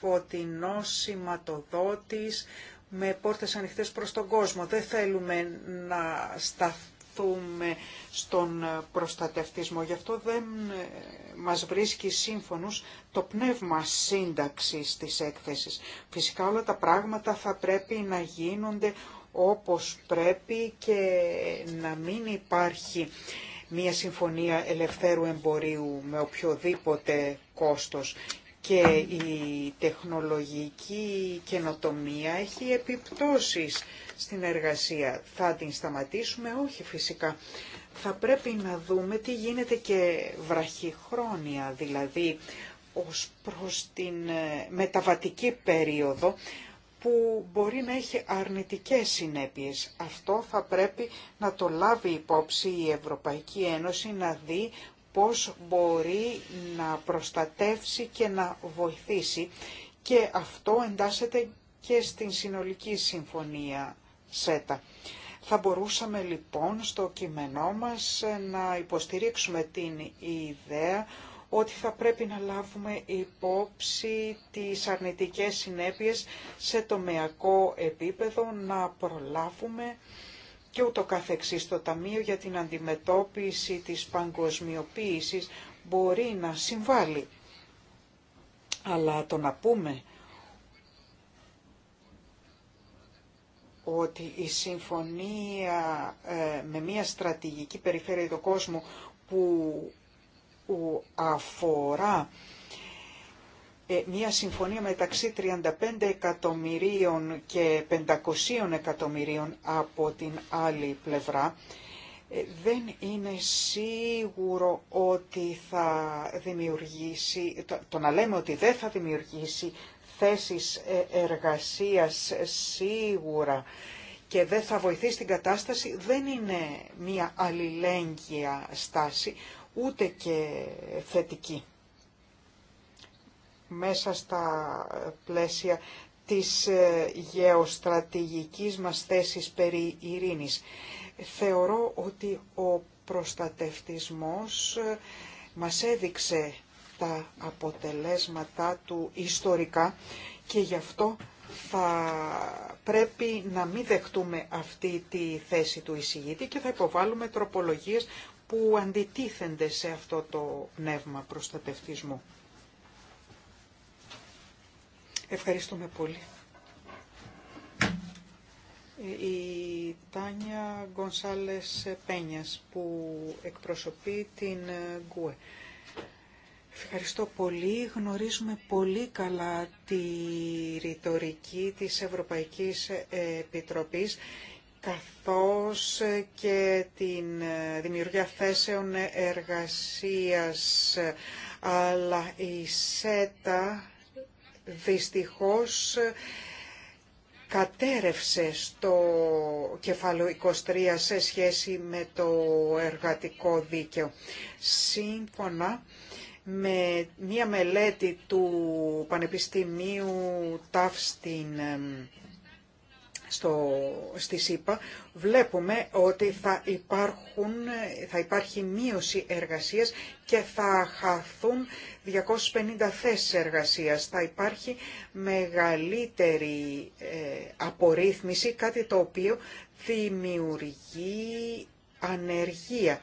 φωτεινός σηματοδότης με πόρτες ανοιχτές προς τον κόσμο. Δεν θέλουμε να σταθούμε στον προστατευτισμό. Γι' αυτό δεν ε, μας βρίσκει σύμφωνος το πνεύμα σύνταξης της έκθεσης. Φυσικά όλα τα πράγματα θα πρέπει να γίνονται όπως πρέπει και να μην υπάρχει μια συμφωνία ελευθέρου εμπορίου με οποιοδήποτε κόστος και η τεχνολογική καινοτομία έχει επιπτώσεις στην εργασία. Θα την σταματήσουμε, όχι φυσικά. Θα πρέπει να δούμε τι γίνεται και βραχυχρόνια, δηλαδή ως προς την ε, μεταβατική περίοδο που μπορεί να έχει αρνητικές συνέπειες. Αυτό θα πρέπει να το λάβει υπόψη η Ευρωπαϊκή Ένωση να δει πώς μπορεί να προστατεύσει και να βοηθήσει και αυτό εντάσσεται και στην συνολική συμφωνία ΣΕΤΑ. Θα μπορούσαμε λοιπόν στο κείμενό μας να υποστηρίξουμε την ιδέα ότι θα πρέπει να λάβουμε υπόψη τις αρνητικές συνέπειες σε τομεακό επίπεδο, να προλάβουμε και ούτω καθεξής. Το Ταμείο για την Αντιμετώπιση της Παγκοσμιοποίησης μπορεί να συμβάλλει. Αλλά το να πούμε ότι η συμφωνία ε, με μια στρατηγική περιφέρεια του κόσμου που που αφορά ε, μια συμφωνία μεταξύ 35 εκατομμυρίων και 500 εκατομμυρίων από την άλλη πλευρά, ε, δεν είναι σίγουρο ότι θα δημιουργήσει, το να λέμε ότι δεν θα δημιουργήσει θέσεις ε, εργασίας σίγουρα και δεν θα βοηθήσει την κατάσταση, δεν είναι μια αλληλέγγυα στάση, ούτε και θετική μέσα στα πλαίσια της ε, γεωστρατηγικής μας θέσης περί ειρήνης. Θεωρώ ότι ο προστατευτισμός ε, μας έδειξε τα αποτελέσματά του ιστορικά και γι' αυτό θα πρέπει να μην δεχτούμε αυτή τη θέση του εισηγήτη και θα υποβάλουμε τροπολογίες που αντιτίθενται σε αυτό το πνεύμα προστατευτισμού. Ευχαριστούμε πολύ. Ε, η Τάνια Γκονσάλες Πένιας που εκπροσωπεί την ε, ΓΚΟΕ. Ευχαριστώ πολύ. Γνωρίζουμε πολύ καλά τη ρητορική της Ευρωπαϊκής Επιτροπής καθώς ε, και την ε, δημιουργία θέσεων εργασίας. Αλλά η ΣΕΤΑ δυστυχώς κατέρευσε στο κεφάλαιο 23 σε σχέση με το εργατικό δίκαιο. Σύμφωνα με μία μελέτη του Πανεπιστημίου ΤΑΦ στην ε, στο, στη ΣΥΠΑ, βλέπουμε ότι θα, υπάρχουν, θα υπάρχει μείωση εργασίας και θα χαθούν 250 θέσεις εργασίας. Θα υπάρχει μεγαλύτερη ε, απορρίθμιση, κάτι το οποίο δημιουργεί ανεργία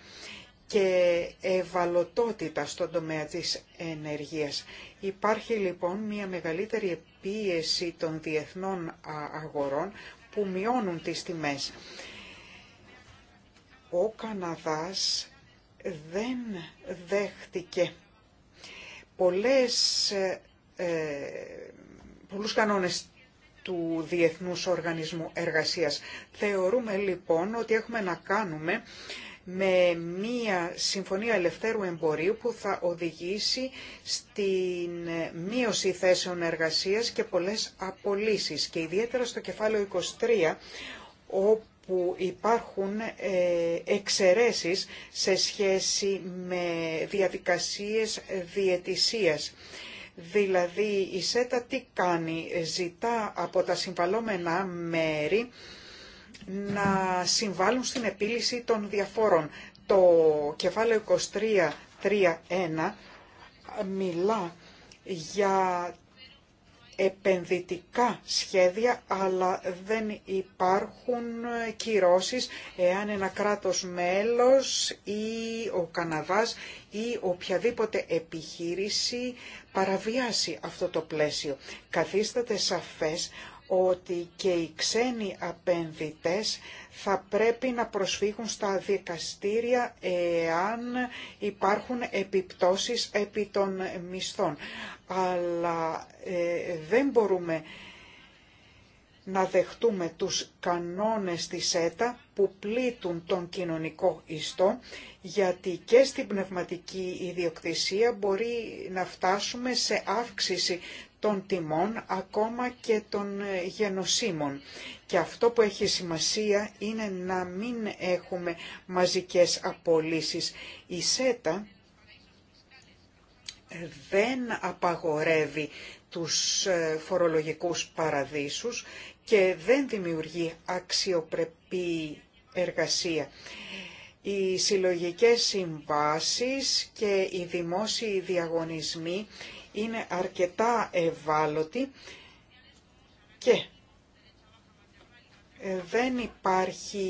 και ευαλωτότητα στον τομέα της ενεργείας. Υπάρχει λοιπόν μια μεγαλύτερη πίεση των διεθνών αγορών που μειώνουν τις τιμές. Ο Καναδάς δεν δέχτηκε πολλές, ε, ε, πολλούς κανόνες του Διεθνούς Οργανισμού Εργασίας. Θεωρούμε λοιπόν ότι έχουμε να κάνουμε με μία συμφωνία ελευθέρου εμπορίου που θα οδηγήσει στην μείωση θέσεων εργασίας και πολλές απολύσεις και ιδιαίτερα στο κεφάλαιο 23 όπου υπάρχουν ε, εξαιρέσεις σε σχέση με διαδικασίες διαιτησίας. Δηλαδή η ΣΕΤΑ τι κάνει, ζητά από τα συμβαλόμενα μέρη να συμβάλλουν στην επίλυση των διαφόρων. Το κεφάλαιο 23.3.1 μιλά για επενδυτικά σχέδια, αλλά δεν υπάρχουν κυρώσεις εάν ένα κράτος μέλος ή ο Καναδάς ή οποιαδήποτε επιχείρηση παραβιάσει αυτό το πλαίσιο. Καθίσταται σαφές ότι και οι ξένοι απένδυτες θα πρέπει να προσφύγουν στα δικαστήρια εάν υπάρχουν επιπτώσεις επί των μισθών. Αλλά ε, δεν μπορούμε να δεχτούμε τους κανόνες της ΕΤΑ που πλήττουν τον κοινωνικό ιστό, γιατί και στην πνευματική ιδιοκτησία μπορεί να φτάσουμε σε αύξηση των τιμών, ακόμα και των ε, γενοσύμων. Και αυτό που έχει σημασία είναι να μην έχουμε μαζικές απολύσεις. Η ΣΕΤΑ ε, δεν απαγορεύει τους ε, φορολογικούς παραδείσους και δεν δημιουργεί αξιοπρεπή εργασία. Οι συλλογικές συμβάσεις και οι δημόσιοι διαγωνισμοί είναι αρκετά ευάλωτη και ε, δεν υπάρχει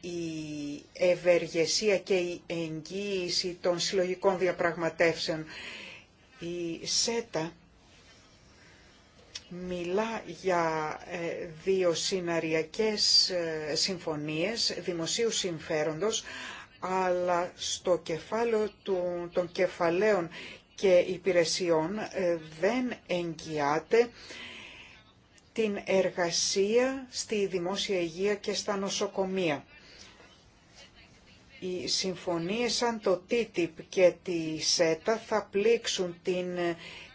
η ευεργεσία και η εγγύηση των συλλογικών διαπραγματεύσεων. Η ΣΕΤΑ μιλά για ε, δύο συναριακές ε, συμφωνίες δημοσίου συμφέροντος, αλλά στο κεφάλαιο των κεφαλαίων και υπηρεσιών ε, δεν εγγυάται την εργασία στη δημόσια υγεία και στα νοσοκομεία. Οι συμφωνίες σαν το TTIP και τη ΣΕΤΑ θα πλήξουν την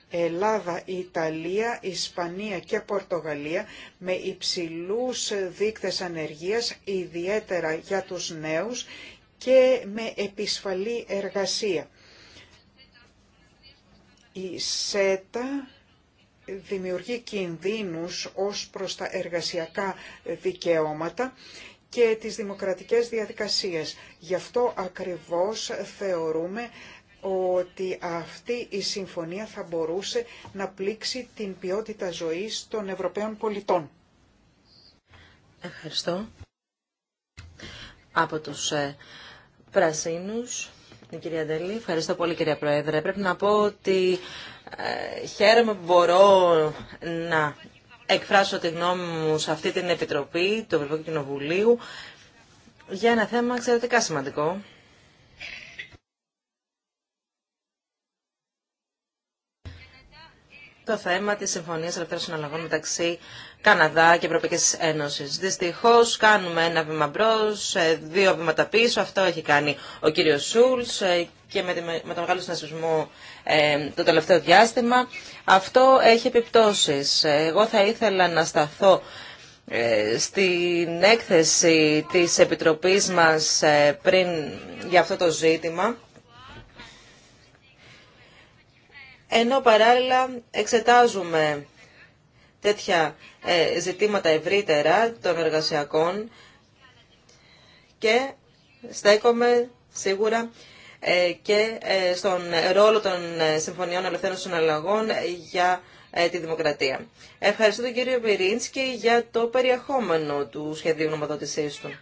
Ελλάδα, Ιταλία, Ισπανία και Πορτογαλία με υψηλούς δείκτες ανεργίας, ιδιαίτερα για τους νέους και με επισφαλή εργασία. Η ΣΕΤΑ δημιουργεί κινδύνους ως προς τα εργασιακά δικαιώματα και τις δημοκρατικές διαδικασίες. Γι' αυτό ακριβώς θεωρούμε ότι αυτή η συμφωνία θα μπορούσε να πλήξει την ποιότητα ζωής των Ευρωπαίων πολιτών. Ευχαριστώ. Από τους ε, πρασίνους, την κυρία Ντελή. Ευχαριστώ πολύ κυρία Πρόεδρε. Πρέπει να πω ότι ε, χαίρομαι που μπορώ να εκφράσω τη γνώμη μου σε αυτή την Επιτροπή του Ευρωπαϊκού Κοινοβουλίου για ένα θέμα εξαιρετικά σημαντικό. το θέμα της Συμφωνίας Ελευθέρων Συναλλαγών μεταξύ Καναδά και Ευρωπαϊκής Ένωσης. Δυστυχώς κάνουμε ένα βήμα μπρος, ε, δύο βήματα πίσω. Αυτό έχει κάνει ο κύριος Σούλς ε, και με, με τον μεγάλο συνασπισμό ε, το τελευταίο διάστημα. Αυτό έχει επιπτώσεις. Εγώ θα ήθελα να σταθώ στην έκθεση της Επιτροπής μας πριν για αυτό το ζήτημα ενώ παράλληλα εξετάζουμε τέτοια ε, ζητήματα ευρύτερα των εργασιακών και στέκομαι σίγουρα ε, και ε, στον ρόλο των Συμφωνιών Ελευθέρων Συναλλαγών για τη Δημοκρατία. Ευχαριστώ τον κύριο Βιρίνσκι για το περιεχόμενο του σχεδίου νομοδότησής του.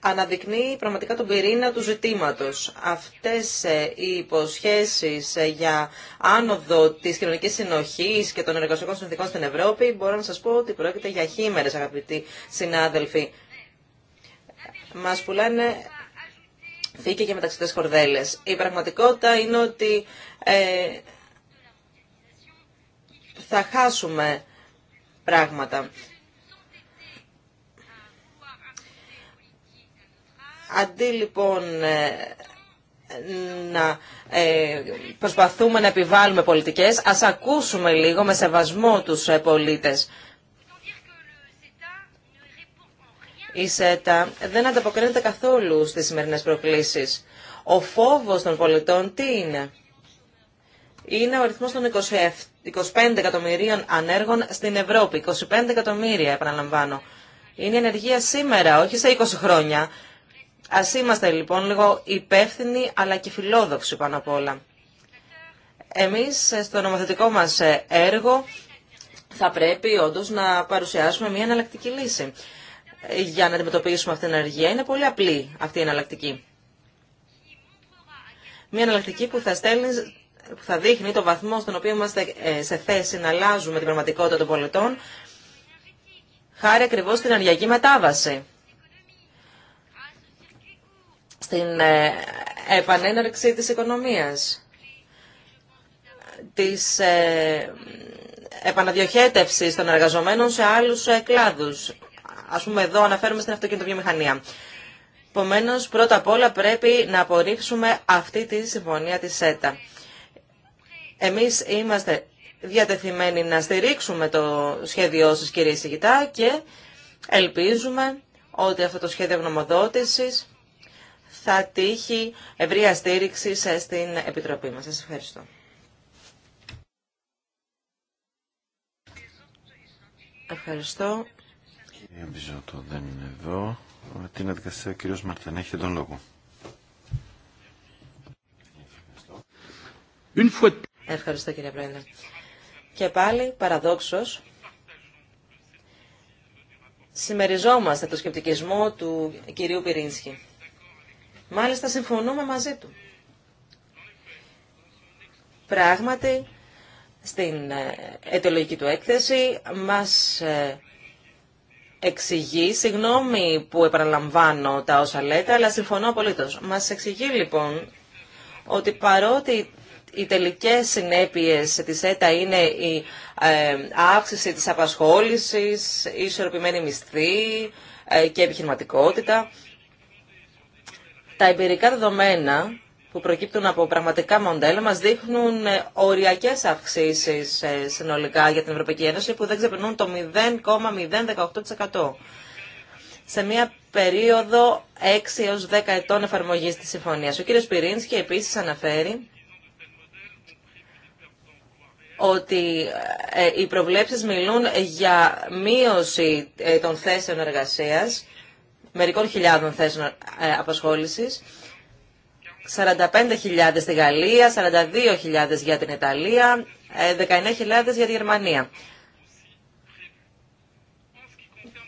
αναδεικνύει πραγματικά τον πυρήνα του ζητήματος. Αυτές ε, οι υποσχέσεις ε, για άνοδο της κοινωνικής συνοχής και των εργασιακών συνθήκων στην Ευρώπη μπορώ να σας πω ότι πρόκειται για χήμερες αγαπητοί συνάδελφοι. Μας πουλάνε φύκη και μεταξυτές χορδέλες. Η πραγματικότητα είναι ότι ε, θα χάσουμε πράγματα. Αντί λοιπόν ε, να ε, προσπαθούμε να επιβάλλουμε πολιτικές, ας ακούσουμε λίγο με σεβασμό τους ε, πολίτες. Η ΣΕΤΑ δεν ανταποκρίνεται καθόλου στις σημερινές προκλήσεις. Ο φόβος των πολιτών τι είναι. Είναι ο αριθμός των 25 εκατομμυρίων ανέργων στην Ευρώπη. 25 εκατομμύρια, επαναλαμβάνω. Είναι η ενεργεία σήμερα, όχι σε 20 χρόνια. Α είμαστε λοιπόν λίγο υπεύθυνοι αλλά και φιλόδοξοι πάνω απ' όλα. Εμείς στο νομοθετικό μας έργο θα πρέπει όντως να παρουσιάσουμε μια εναλλακτική λύση για να αντιμετωπίσουμε αυτή την αργία. Είναι πολύ απλή αυτή η εναλλακτική. Μια εναλλακτική που θα στέλνει που θα δείχνει το βαθμό στον οποίο είμαστε ε, σε θέση να αλλάζουμε την πραγματικότητα των πολιτών χάρη ακριβώ στην ενεργειακή μετάβαση στην ε, επανέναρξη της οικονομίας, της ε, επαναδιοχέτευσης των εργαζομένων σε άλλους ε, κλάδους. Ας πούμε εδώ αναφέρουμε στην αυτοκινητοβιομηχανία. Επομένω, πρώτα απ' όλα πρέπει να απορρίψουμε αυτή τη συμφωνία της ΣΕΤΑ. Εμείς είμαστε διατεθειμένοι να στηρίξουμε το σχέδιό σας, κύριε Σιγητά, και ελπίζουμε ότι αυτό το σχέδιο γνωμοδότησης θα τύχει ευρεία στήριξη στην Επιτροπή μας. Σας ευχαριστώ. Ευχαριστώ. Κύριε δεν είναι εδώ. Τι να ο κύριος Μαρτέν, τον λόγο. Ευχαριστώ κύριε Πρόεδρε. Και πάλι παραδόξως συμμεριζόμαστε το σκεπτικισμό του κυρίου Πυρίνσχη. Μάλιστα συμφωνούμε μαζί του. Πράγματι, στην ε, αιτιολογική του έκθεση μας ε, εξηγεί, συγγνώμη που επαναλαμβάνω τα όσα λέτε, αλλά συμφωνώ απολύτως. Μας εξηγεί λοιπόν ότι παρότι οι τελικές συνέπειες της ΕΤΑ είναι η ε, αύξηση της απασχόλησης, η ισορροπημένη μισθή και επιχειρηματικότητα, τα εμπειρικά δεδομένα που προκύπτουν από πραγματικά μοντέλα μας δείχνουν ε, οριακές αυξήσεις ε, συνολικά για την Ευρωπαϊκή Ένωση που δεν ξεπερνούν το 0,018% σε μια περίοδο 6 έως 10 ετών εφαρμογής της συμφωνίας. Ο κύριος Πυρίνσκι επίσης αναφέρει ότι ε, οι προβλέψεις μιλούν για μείωση των θέσεων εργασίας μερικών χιλιάδων θέσεων ε, απασχόλησης, 45.000 στη Γαλλία, 42.000 για την Ιταλία, 19.000 ε, για τη Γερμανία.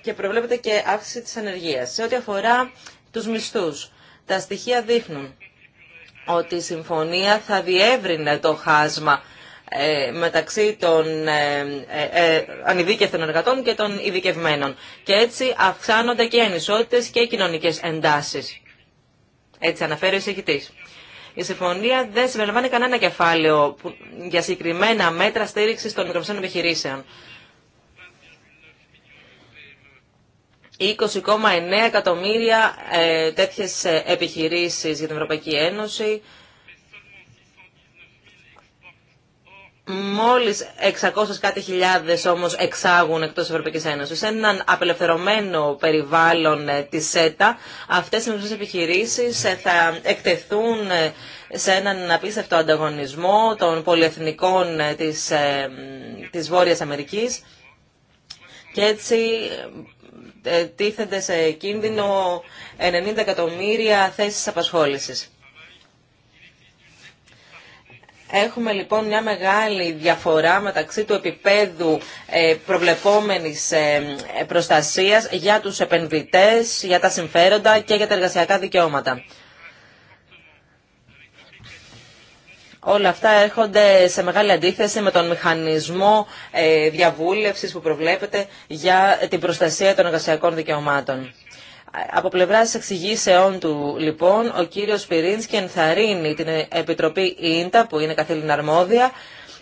Και προβλέπεται και αύξηση της ανεργίας. Σε ό,τι αφορά τους μισθούς, τα στοιχεία δείχνουν ότι η συμφωνία θα διεύρυνε το χάσμα ε, μεταξύ των ε, ε, ανειδίκευτων εργατών και των ειδικευμένων. Και έτσι αυξάνονται και οι ανισότητες και οι κοινωνικές εντάσεις. Έτσι αναφέρει ο εισηγητής. Η συμφωνία δεν συμπεριλαμβάνει κανένα κεφάλαιο για συγκεκριμένα μέτρα στήριξη των μικρομεσαίων επιχειρήσεων. 20,9 εκατομμύρια τέτοιες επιχειρήσεις για την Ευρωπαϊκή Ένωση Μόλις 600 κάτι χιλιάδες όμως εξάγουν εκτός της Ευρωπαϊκής Ένωσης. Σε έναν απελευθερωμένο περιβάλλον ε, της ΣΕΤΑ, αυτές οι μικρές επιχειρήσεις ε, θα εκτεθούν ε, σε έναν απίστευτο ανταγωνισμό των πολυεθνικών της, της Βόρειας Αμερικής και έτσι τίθενται σε κίνδυνο 90 εκατομμύρια θέσεις απασχόλησης. Έχουμε λοιπόν μια μεγάλη διαφορά μεταξύ του επίπεδου ε, προβλεπόμενης ε, προστασίας για τους επενδυτές, για τα συμφέροντα και για τα εργασιακά δικαιώματα. Όλα αυτά έρχονται σε μεγάλη αντίθεση με τον μηχανισμό ε, διαβούλευσης που προβλέπεται για την προστασία των εργασιακών δικαιωμάτων. Από πλευρά εξηγήσεών του, λοιπόν, ο κύριος Πυρίνσκι ενθαρρύνει την Επιτροπή ΙΝΤΑ, που είναι καθήλυνα αρμόδια,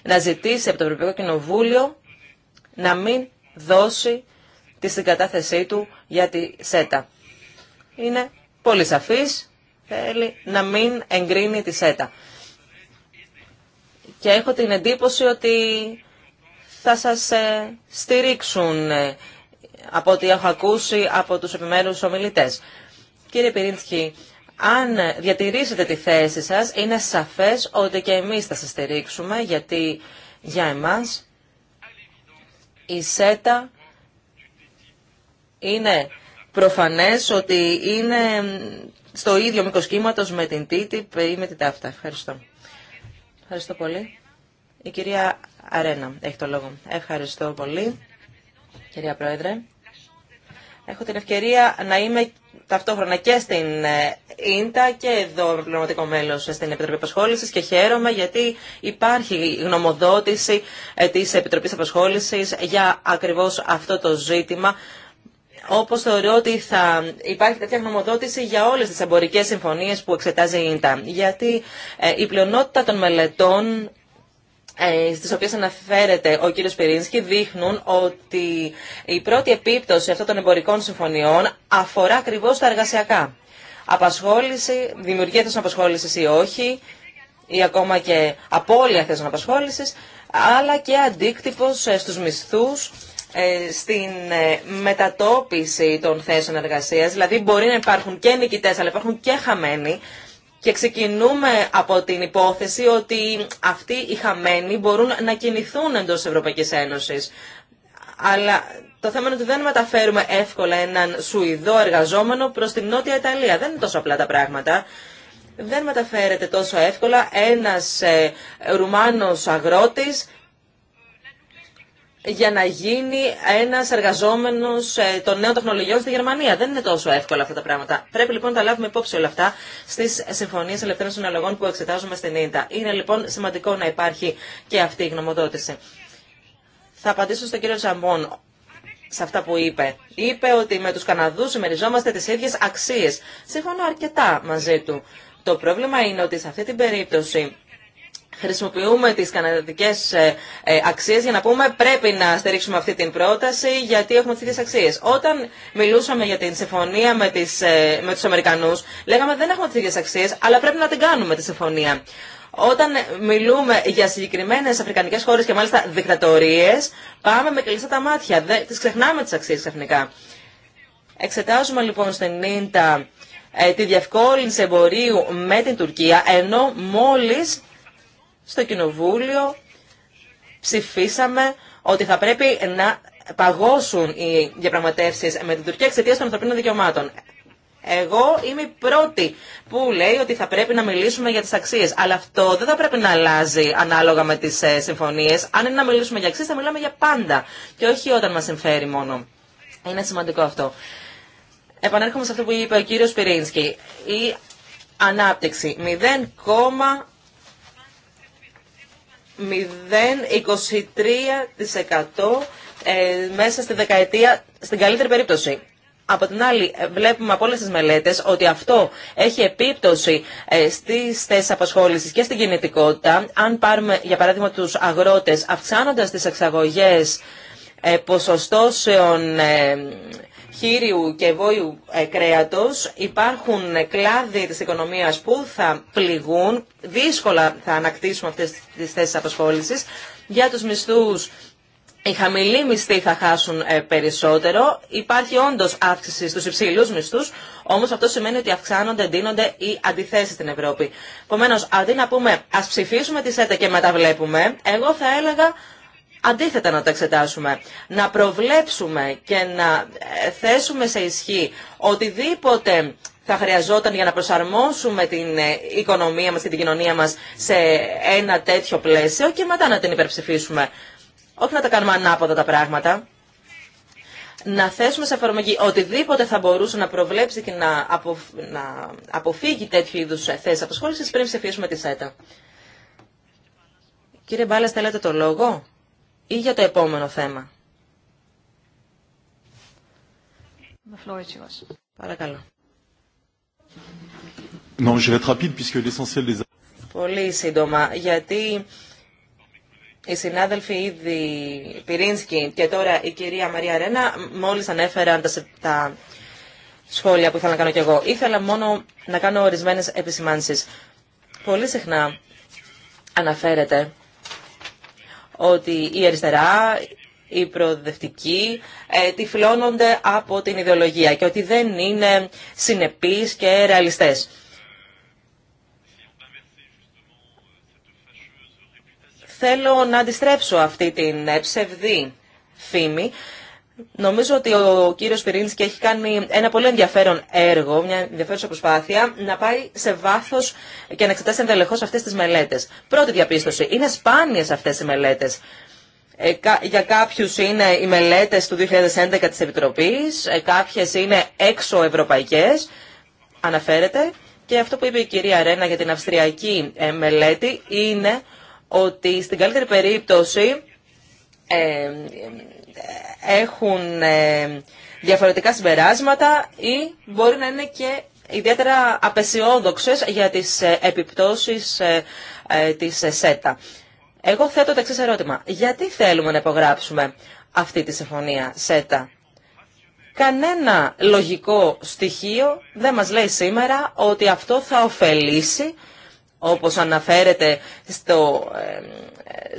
να ζητήσει από το Ευρωπαϊκό Κοινοβούλιο να μην δώσει τη συγκατάθεσή του για τη ΣΕΤΑ. Είναι πολύ σαφής, θέλει να μην εγκρίνει τη ΣΕΤΑ. Και έχω την εντύπωση ότι θα σας ε, στηρίξουν ε, από ό,τι έχω ακούσει από τους επιμέρους ομιλητές. Κύριε Πυρίνσκι, αν διατηρήσετε τη θέση σας, είναι σαφές ότι και εμείς θα σας στηρίξουμε, γιατί για εμάς η ΣΕΤΑ είναι προφανές ότι είναι στο ίδιο μήκος κύματος με την TTIP ή με την ΤΑΦΤΑ. Ευχαριστώ. Ευχαριστώ πολύ. Η κυρία Αρένα έχει το λόγο. Ευχαριστώ πολύ, κυρία Πρόεδρε. Έχω την ευκαιρία να είμαι ταυτόχρονα και στην ΙΝΤΑ ε, και εδώ πληρωματικό μέλο στην Επιτροπή Απασχόληση και χαίρομαι γιατί υπάρχει γνωμοδότηση ε, τη Επιτροπή Απασχόληση για ακριβώ αυτό το ζήτημα. Όπω θεωρώ ότι θα υπάρχει τέτοια γνωμοδότηση για όλε τι εμπορικέ συμφωνίε που εξετάζει η ΙΝΤΑ. Γιατί ε, η πλειονότητα των μελετών ε, στις οποίες αναφέρεται ο κύριος Πυρίνσκι δείχνουν ότι η πρώτη επίπτωση αυτών των εμπορικών συμφωνιών αφορά ακριβώς τα εργασιακά. Απασχόληση, δημιουργία θέσεων απασχόλησης ή όχι, ή ακόμα και απώλεια θέσεων απασχόλησης, αλλά και αντίκτυπος ε, στους μισθούς, ε, στην μετατόπιση των θέσεων εργασίας. Δηλαδή μπορεί να υπάρχουν και νικητές, αλλά υπάρχουν και χαμένοι και ξεκινούμε από την υπόθεση ότι αυτοί οι χαμένοι μπορούν να κινηθούν εντός Ευρωπαϊκής Ένωσης. Αλλά το θέμα είναι ότι δεν μεταφέρουμε εύκολα έναν Σουηδό εργαζόμενο προς την Νότια Ιταλία. Δεν είναι τόσο απλά τα πράγματα. Δεν μεταφέρεται τόσο εύκολα ένας ε, Ρουμάνος αγρότης για να γίνει ένας εργαζόμενος ε, των νέων τεχνολογιών στη Γερμανία. Δεν είναι τόσο εύκολα αυτά τα πράγματα. Πρέπει λοιπόν να τα λάβουμε υπόψη όλα αυτά στις συμφωνίες ελευθέρων συναλλαγών που εξετάζουμε στην ΙΝΤΑ. Είναι λοιπόν σημαντικό να υπάρχει και αυτή η γνωμοδότηση. Θα απαντήσω στον κύριο Τσαμπών σε αυτά που είπε. Είπε ότι με τους Καναδούς συμμεριζόμαστε τις ίδιες αξίες. Σύμφωνα αρκετά μαζί του. Το πρόβλημα είναι ότι σε αυτή την περίπτωση χρησιμοποιούμε τις καναδικές ε, ε, αξίες για να πούμε πρέπει να στηρίξουμε αυτή την πρόταση γιατί έχουμε τις ίδιες αξίες. Όταν μιλούσαμε για την συμφωνία με, τις, ε, με τους Αμερικανούς λέγαμε δεν έχουμε τις ίδιες αξίες αλλά πρέπει να την κάνουμε τη συμφωνία. Όταν μιλούμε για συγκεκριμένε αφρικανικέ χώρε και μάλιστα δικτατορίε, πάμε με κλειστά τα μάτια. Τι ξεχνάμε τι αξίε ξαφνικά. Εξετάζουμε λοιπόν στην ίντα τη διευκόλυνση εμπορίου με την Τουρκία, ενώ μόλι στο Κοινοβούλιο ψηφίσαμε ότι θα πρέπει να παγώσουν οι διαπραγματεύσεις με την Τουρκία εξαιτία των ανθρωπίνων δικαιωμάτων. Εγώ είμαι η πρώτη που λέει ότι θα πρέπει να μιλήσουμε για τις αξίες. Αλλά αυτό δεν θα πρέπει να αλλάζει ανάλογα με τις ε, συμφωνίες. Αν είναι να μιλήσουμε για αξίες θα μιλάμε για πάντα. Και όχι όταν μας συμφέρει μόνο. Είναι σημαντικό αυτό. Επανέρχομαι σε αυτό που είπε ο κύριος Πυρίνσκι. Η ανάπτυξη 0,23% ε, μέσα στη δεκαετία, στην καλύτερη περίπτωση. Από την άλλη, ε, βλέπουμε από όλες τις μελέτες ότι αυτό έχει επίπτωση ε, στις θέσεις απασχόλησης και στην κινητικότητα. Αν πάρουμε, για παράδειγμα, τους αγρότες, αυξάνοντας τις εξαγωγές ποσοστώσεων χείριου και βόηου ε, κρέατος υπάρχουν κλάδοι της οικονομίας που θα πληγούν, δύσκολα θα ανακτήσουμε αυτές τις θέσεις απασχόλησης. Για τους μισθούς οι χαμηλοί μισθοί θα χάσουν ε, περισσότερο. Υπάρχει όντω αύξηση στου υψηλού μισθού, όμω αυτό σημαίνει ότι αυξάνονται, εντείνονται οι αντιθέσει στην Ευρώπη. Επομένω, αντί να πούμε α ψηφίσουμε τη ΣΕΤΑ και μετά βλέπουμε, εγώ θα έλεγα αντίθετα να τα εξετάσουμε. Να προβλέψουμε και να ε, θέσουμε σε ισχύ οτιδήποτε θα χρειαζόταν για να προσαρμόσουμε την ε, οικονομία μας και την κοινωνία μας σε ένα τέτοιο πλαίσιο και μετά να την υπερψηφίσουμε. Όχι να τα κάνουμε ανάποδα τα πράγματα. Να θέσουμε σε εφαρμογή οτιδήποτε θα μπορούσε να προβλέψει και να, να αποφύγει τέτοιου είδους ε, θέσεις απασχόλησης πριν ψηφίσουμε τη ΣΕΤΑ. Κύριε Μπάλλας, θέλετε το λόγο ή για το επόμενο θέμα. Παρακαλώ. Non, je vais être rapide puisque l'essentiel des... Πολύ σύντομα, γιατί οι συνάδελφοι ήδη Πυρίνσκι και τώρα η κυρία Μαρία Ρένα μόλις ανέφεραν τα, τα σχόλια που ήθελα να κάνω κι εγώ. Ήθελα μόνο να κάνω ορισμένες επισημάνσεις. Πολύ συχνά αναφέρεται ότι η αριστερά, οι προοδευτικοί ε, τυφλώνονται από την ιδεολογία και ότι δεν είναι συνεπείς και ρεαλιστές. Θέλω να αντιστρέψω αυτή την ψευδή φήμη Νομίζω ότι ο κύριος Πυρίνσκι έχει κάνει ένα πολύ ενδιαφέρον έργο, μια ενδιαφέρουσα προσπάθεια, να πάει σε βάθος και να εξετάσει ενδελεχώς αυτές τις μελέτες. Πρώτη διαπίστωση, είναι σπάνιες αυτές οι μελέτες. Ε, για κάποιους είναι οι μελέτες του 2011 της Επιτροπής, ε, κάποιες είναι έξω ευρωπαϊκές, αναφέρεται. Και αυτό που είπε η κυρία Ρένα για την αυστριακή ε, μελέτη είναι ότι στην καλύτερη περίπτωση έχουν ε, διαφορετικά συμπεράσματα ή μπορεί να είναι και ιδιαίτερα απεσιόδοξες για τις ε, επιπτώσεις ε, της ΣΕΤΑ. Εγώ θέτω το ερώτημα. Γιατί θέλουμε να υπογράψουμε αυτή τη συμφωνία ΣΕΤΑ. Κανένα λογικό στοιχείο δεν μας λέει σήμερα ότι αυτό θα ωφελήσει όπως αναφέρεται στο,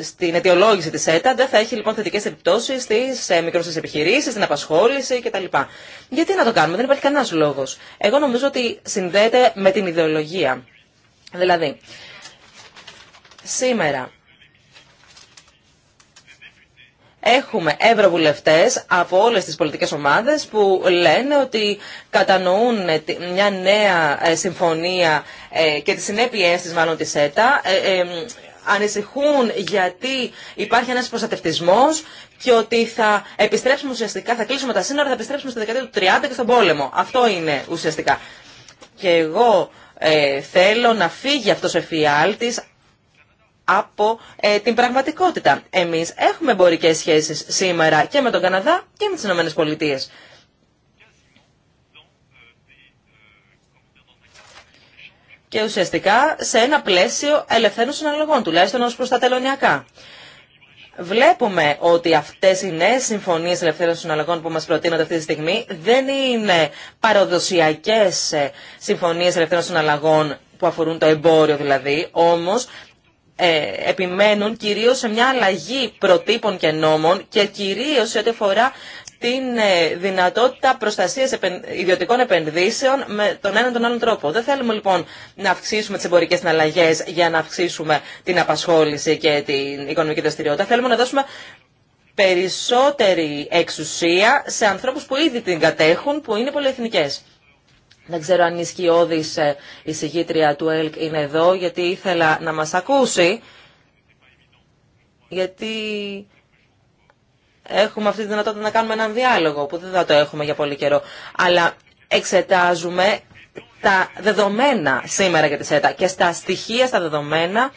στην αιτιολόγηση της ΕΤΑ, δεν θα έχει λοιπόν θετικές επιπτώσεις στις ε, μικρότερες επιχειρήσεις, στην απασχόληση κτλ. Γιατί να το κάνουμε, δεν υπάρχει κανένας λόγος. Εγώ νομίζω ότι συνδέεται με την ιδεολογία. Δηλαδή, σήμερα έχουμε ευρωβουλευτές από όλες τις πολιτικές ομάδες που λένε ότι κατανοούν μια νέα ε, συμφωνία ε, και τις συνέπειες της μάλλον της ΕΤΑ, ε, ανησυχούν γιατί υπάρχει ένας προστατευτισμός και ότι θα επιστρέψουμε ουσιαστικά, θα κλείσουμε τα σύνορα, θα επιστρέψουμε στη δεκαετία του 30 και στον πόλεμο. Αυτό είναι ουσιαστικά. Και εγώ θέλω να φύγει αυτός ο εφιάλτης από ε, την πραγματικότητα. Εμείς έχουμε εμπορικές σχέσεις σήμερα και με τον Καναδά και με τις Ηνωμένες Πολιτείες. Και ουσιαστικά σε ένα πλαίσιο ελευθέρων συναλλαγών, τουλάχιστον ως προς τα τελωνιακά. Βλέπουμε ότι αυτές οι νέες συμφωνίες ελευθέρων συναλλαγών που μας προτείνονται αυτή τη στιγμή δεν είναι παραδοσιακές ε, συμφωνίες ελευθέρων συναλλαγών που αφορούν το εμπόριο δηλαδή, όμως ε, επιμένουν κυρίως σε μια αλλαγή προτύπων και νόμων και κυρίως σε ό,τι αφορά την ε, δυνατότητα προστασίας ιδιωτικών επενδύσεων με τον έναν τον άλλον τρόπο. Δεν θέλουμε λοιπόν να αυξήσουμε τις εμπορικές συναλλαγές για να αυξήσουμε την απασχόληση και την οικονομική δραστηριότητα. Θέλουμε να δώσουμε περισσότερη εξουσία σε ανθρώπους που ήδη την κατέχουν, που είναι πολυεθνικές. Δεν ξέρω αν η σκιώδης ε, του ΕΛΚ είναι εδώ, γιατί ήθελα να μας ακούσει, γιατί έχουμε αυτή τη δυνατότητα να κάνουμε έναν διάλογο, που δεν θα το έχουμε για πολύ καιρό. Αλλά εξετάζουμε τα δεδομένα σήμερα για τη ΣΕΤΑ και στα στοιχεία, στα δεδομένα,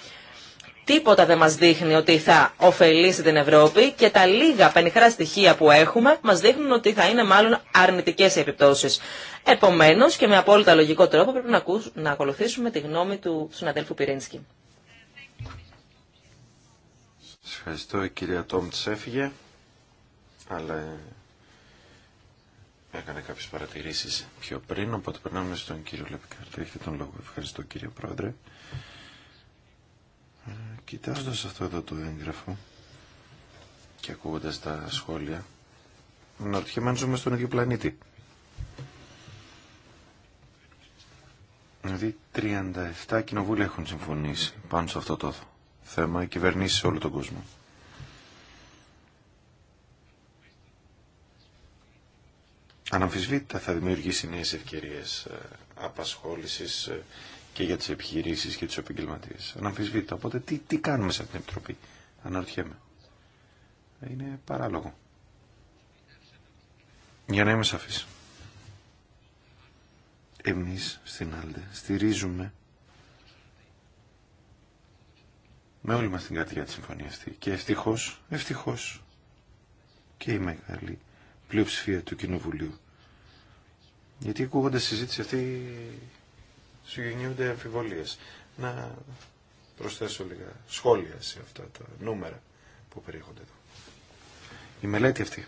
τίποτα δεν μας δείχνει ότι θα ωφελήσει την Ευρώπη και τα λίγα πενιχρά στοιχεία που έχουμε μας δείχνουν ότι θα είναι μάλλον αρνητικές οι επιπτώσεις. Επομένως και με απόλυτα λογικό τρόπο πρέπει να, ακολουθήσουμε τη γνώμη του συναδέλφου Πυρίνσκι. Σας ευχαριστώ η κυρία Τόμτς έφυγε, αλλά ε, έκανε κάποιες παρατηρήσεις πιο πριν, οπότε περνάμε στον κύριο Λεπικάρτη, έχετε τον λόγο. Ευχαριστώ κύριε Πρόεδρε. Κοιτάζοντας αυτό εδώ το έγγραφο και ακούγοντας τα σχόλια, να αν ζούμε στον ίδιο πλανήτη. Δηλαδή 37 κοινοβούλια έχουν συμφωνήσει πάνω σε αυτό το θέμα, οι κυβερνήσει σε όλο τον κόσμο. Αναμφισβήτητα θα δημιουργήσει νέες ευκαιρίες ε, απασχόλησης ε, και για τις επιχειρήσεις και τους επαγγελματίες. Αναμφισβήτητα. Οπότε τι, τι κάνουμε σε αυτήν την Επιτροπή. Αναρωτιέμαι. Είναι παράλογο. Για να είμαι σαφής. Εμείς στην Άλντε στηρίζουμε με όλη μας την καρδιά τη συμφωνία αυτή. Και ευτυχώς, ευτυχώς και η μεγάλη πλειοψηφία του Κοινοβουλίου. Γιατί ακούγοντα συζήτηση αυτή σου γεννιούνται αμφιβολίες. Να προσθέσω λίγα σχόλια σε αυτά τα νούμερα που περιέχονται εδώ. Η μελέτη αυτή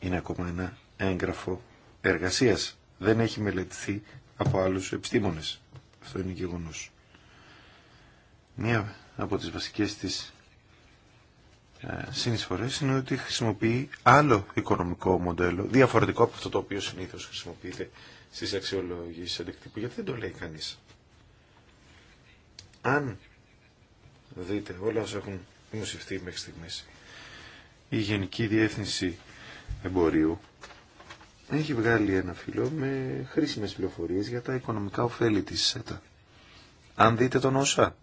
είναι ακόμα ένα έγγραφο εργασία. Δεν έχει μελετηθεί από άλλους επιστήμονες. Αυτό είναι γεγονό. Μία από τις βασικές τη ε, συνεισφορέ είναι ότι χρησιμοποιεί άλλο οικονομικό μοντέλο, διαφορετικό από αυτό το οποίο συνήθω χρησιμοποιείται στις αξιολογήσει αντικτύπου, γιατί δεν το λέει κανείς. Αν δείτε όλα όσα έχουν δημοσιευτεί μέχρι στιγμή. η Γενική Διεύθυνση Εμπορίου έχει βγάλει ένα φύλλο με χρήσιμες πληροφορίε για τα οικονομικά ωφέλη της ΣΕΤΑ. Αν δείτε τον ΩΣΑ,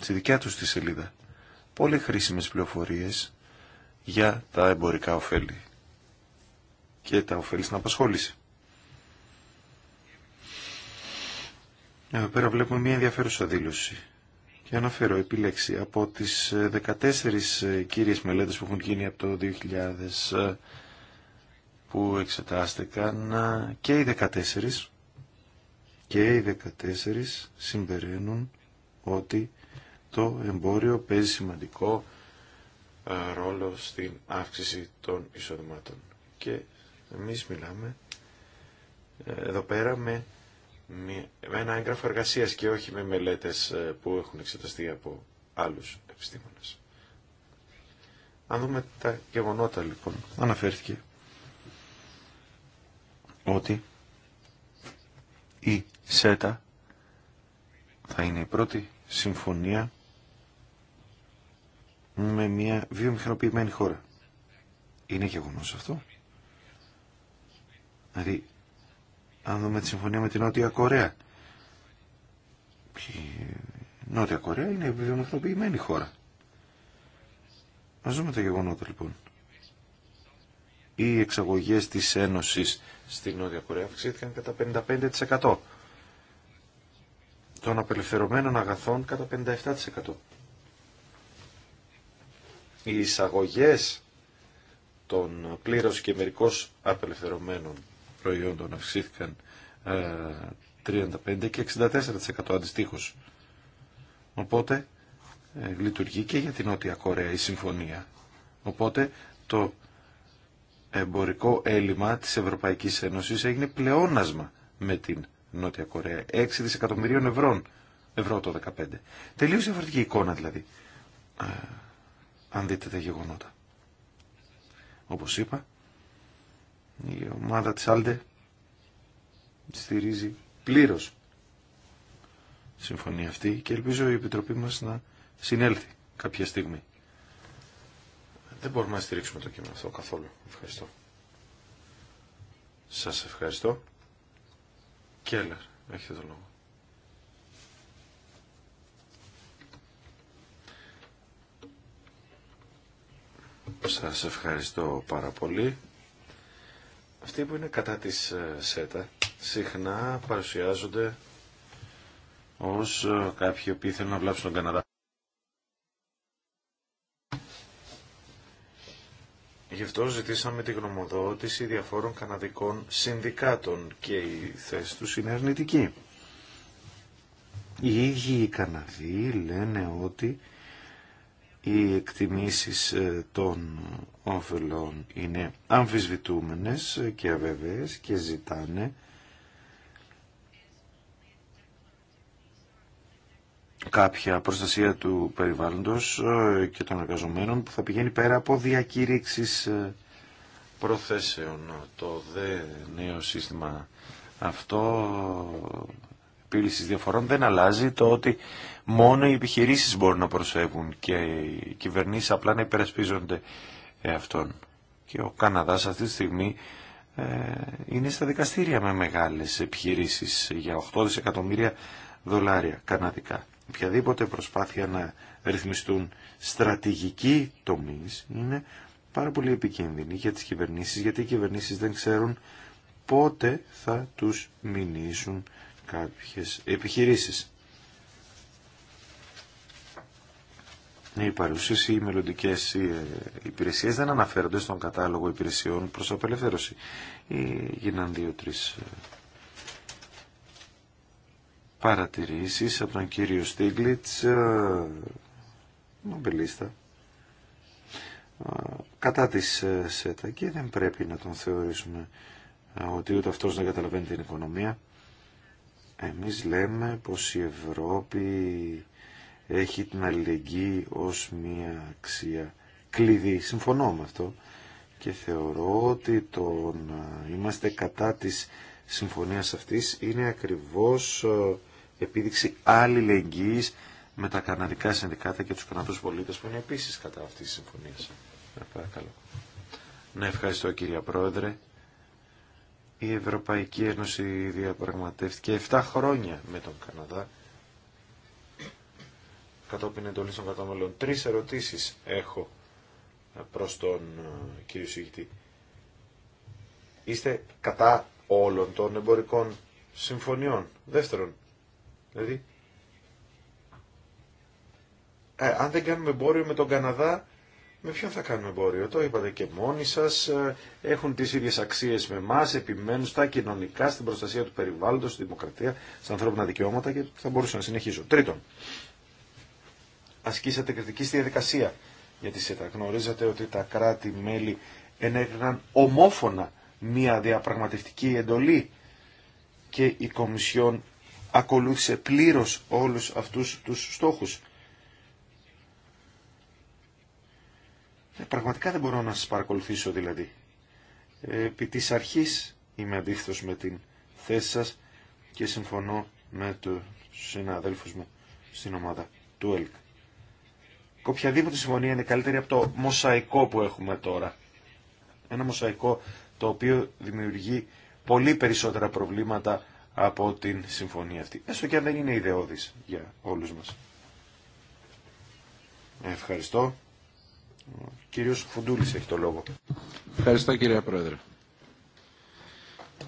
στη δικιά του τη σελίδα, πολύ χρήσιμες πληροφορίε για τα εμπορικά ωφέλη και τα ωφέλη στην απασχόληση. Εδώ πέρα βλέπουμε μια ενδιαφέρουσα δήλωση. Και αναφέρω επιλέξη από τις 14 ε, ε, κύριες μελέτες που έχουν γίνει από το 2000 ε, που εξετάστηκαν και οι 14 και οι 14 συμπεραίνουν ότι το εμπόριο παίζει σημαντικό ρόλο στην αύξηση των εισοδημάτων. Και εμείς μιλάμε εδώ πέρα με με ένα έγγραφο εργασία και όχι με μελέτες ε, που έχουν εξεταστεί από άλλους επιστήμονε. Αν δούμε τα γεγονότα λοιπόν, αναφέρθηκε ότι η ΣΕΤΑ θα είναι η πρώτη συμφωνία με μια βιομηχανοποιημένη χώρα. Είναι γεγονός αυτό. Δηλαδή αν δούμε τη συμφωνία με την Νότια Κορέα. Η Νότια Κορέα είναι επιδημοκρατοποιημένη χώρα. Ας δούμε τα γεγονότα λοιπόν. Οι εξαγωγές της Ένωσης στην Νότια Κορέα αυξήθηκαν κατά 55% των απελευθερωμένων αγαθών κατά 57%. Οι εισαγωγές των πλήρως και μερικώς απελευθερωμένων προϊόντων αυξήθηκαν 35% ε, και 64% αντιστοίχως. Οπότε ε, λειτουργεί και για την Νότια Κορέα η συμφωνία. Οπότε το εμπορικό έλλειμμα της Ευρωπαϊκής Ένωσης έγινε πλεόνασμα με την Νότια Κορέα. 6 δισεκατομμυρίων ευρώ, ευρώ το 2015. Τελείως διαφορετική εικόνα δηλαδή. Ε, αν δείτε τα γεγονότα. Όπως είπα, η ομάδα της Άλτε στηρίζει πλήρως συμφωνία αυτή και ελπίζω η Επιτροπή μας να συνέλθει κάποια στιγμή. Δεν μπορούμε να στηρίξουμε το κείμενο αυτό καθόλου. Ευχαριστώ. Σας ευχαριστώ. Κέλλερ, έχετε το λόγο. Σας ευχαριστώ πάρα πολύ αυτοί που είναι κατά της ε, ΣΕΤΑ συχνά παρουσιάζονται ως ε, κάποιοι που θέλουν να βλάψουν τον Καναδά. Γι' αυτό ζητήσαμε τη γνωμοδότηση διαφόρων καναδικών συνδικάτων και η θέση τους είναι αρνητική. Οι ίδιοι οι Καναδοί λένε ότι οι εκτιμήσεις ε, των όφελων είναι αμφισβητούμενες και αβεβαίες και ζητάνε κάποια προστασία του περιβάλλοντος ε, και των εργαζομένων που θα πηγαίνει πέρα από διακήρυξης ε, προθέσεων. Το δε νέο σύστημα αυτό επίλυση διαφορών δεν αλλάζει το ότι μόνο οι επιχειρήσεις μπορούν να προσφεύγουν και οι κυβερνήσεις απλά να υπερασπίζονται αυτόν. Και ο Καναδάς αυτή τη στιγμή ε, είναι στα δικαστήρια με μεγάλες επιχειρήσεις για 8 δισεκατομμύρια δολάρια καναδικά. Οποιαδήποτε προσπάθεια να ρυθμιστούν στρατηγικοί τομείς είναι πάρα πολύ επικίνδυνη για τις κυβερνήσεις γιατί οι κυβερνήσεις δεν ξέρουν πότε θα τους μηνύσουν κάποιες επιχειρήσεις. Οι ναι, παρουσίες ή οι μελλοντικές ε, υπηρεσίες δεν αναφέρονται στον κατάλογο υπηρεσιών προς απελευθέρωση. η ε, Γίναν δύο-τρεις ε, παρατηρήσεις από τον κύριο Στίγκλιτς, νομπελίστα, κατά της ΣΕΤΑ και δεν πρέπει να τον θεωρήσουμε ότι ούτε αυτός δεν καταλαβαίνει την οικονομία. Εμείς λέμε πως η Ευρώπη έχει την αλληλεγγύη ως μία αξία κλειδί. Συμφωνώ με αυτό και θεωρώ ότι το να είμαστε κατά της συμφωνίας αυτής είναι ακριβώς ε, επίδειξη αλληλεγγύης με τα καναδικά συνδικάτα και τους καναδούς πολίτες που είναι επίσης κατά αυτής της συμφωνίας. Ε, ναι, ευχαριστώ κύριε Πρόεδρε. Η Ευρωπαϊκή Ένωση διαπραγματεύτηκε 7 χρόνια με τον Καναδά κατόπιν εντολής των κατανολών. Τρεις ερωτήσεις έχω προς τον ε, κύριο Σιγητή. Είστε κατά όλων των εμπορικών συμφωνιών. Δεύτερον, δηλαδή, ε, αν δεν κάνουμε εμπόριο με τον Καναδά, με ποιον θα κάνουμε εμπόριο, το είπατε και μόνοι σας, έχουν τις ίδιες αξίες με εμά, επιμένουν στα κοινωνικά, στην προστασία του περιβάλλοντος, στη δημοκρατία, στα ανθρώπινα δικαιώματα και θα μπορούσα να συνεχίσω. Τρίτον, ασκήσατε κριτική στη διαδικασία, γιατί σε τα γνωρίζατε ότι τα κράτη-μέλη ενέκριναν ομόφωνα μία διαπραγματευτική εντολή και η Κομισιόν ακολούθησε πλήρω όλου αυτού του στόχου. Ε, πραγματικά δεν μπορώ να σας παρακολουθήσω δηλαδή. Επί της αρχής είμαι αντίθετος με την θέση σας και συμφωνώ με του συναδέλφους μου στην ομάδα του ΕΛΚ. Οποιαδήποτε συμφωνία είναι καλύτερη από το μοσαϊκό που έχουμε τώρα. Ένα μοσαϊκό το οποίο δημιουργεί πολύ περισσότερα προβλήματα από την συμφωνία αυτή. Έστω και αν δεν είναι ιδεώδης για όλους μας. Ευχαριστώ. Ο κύριος Φουντούλης έχει το λόγο. Ευχαριστώ κύριε Πρόεδρε.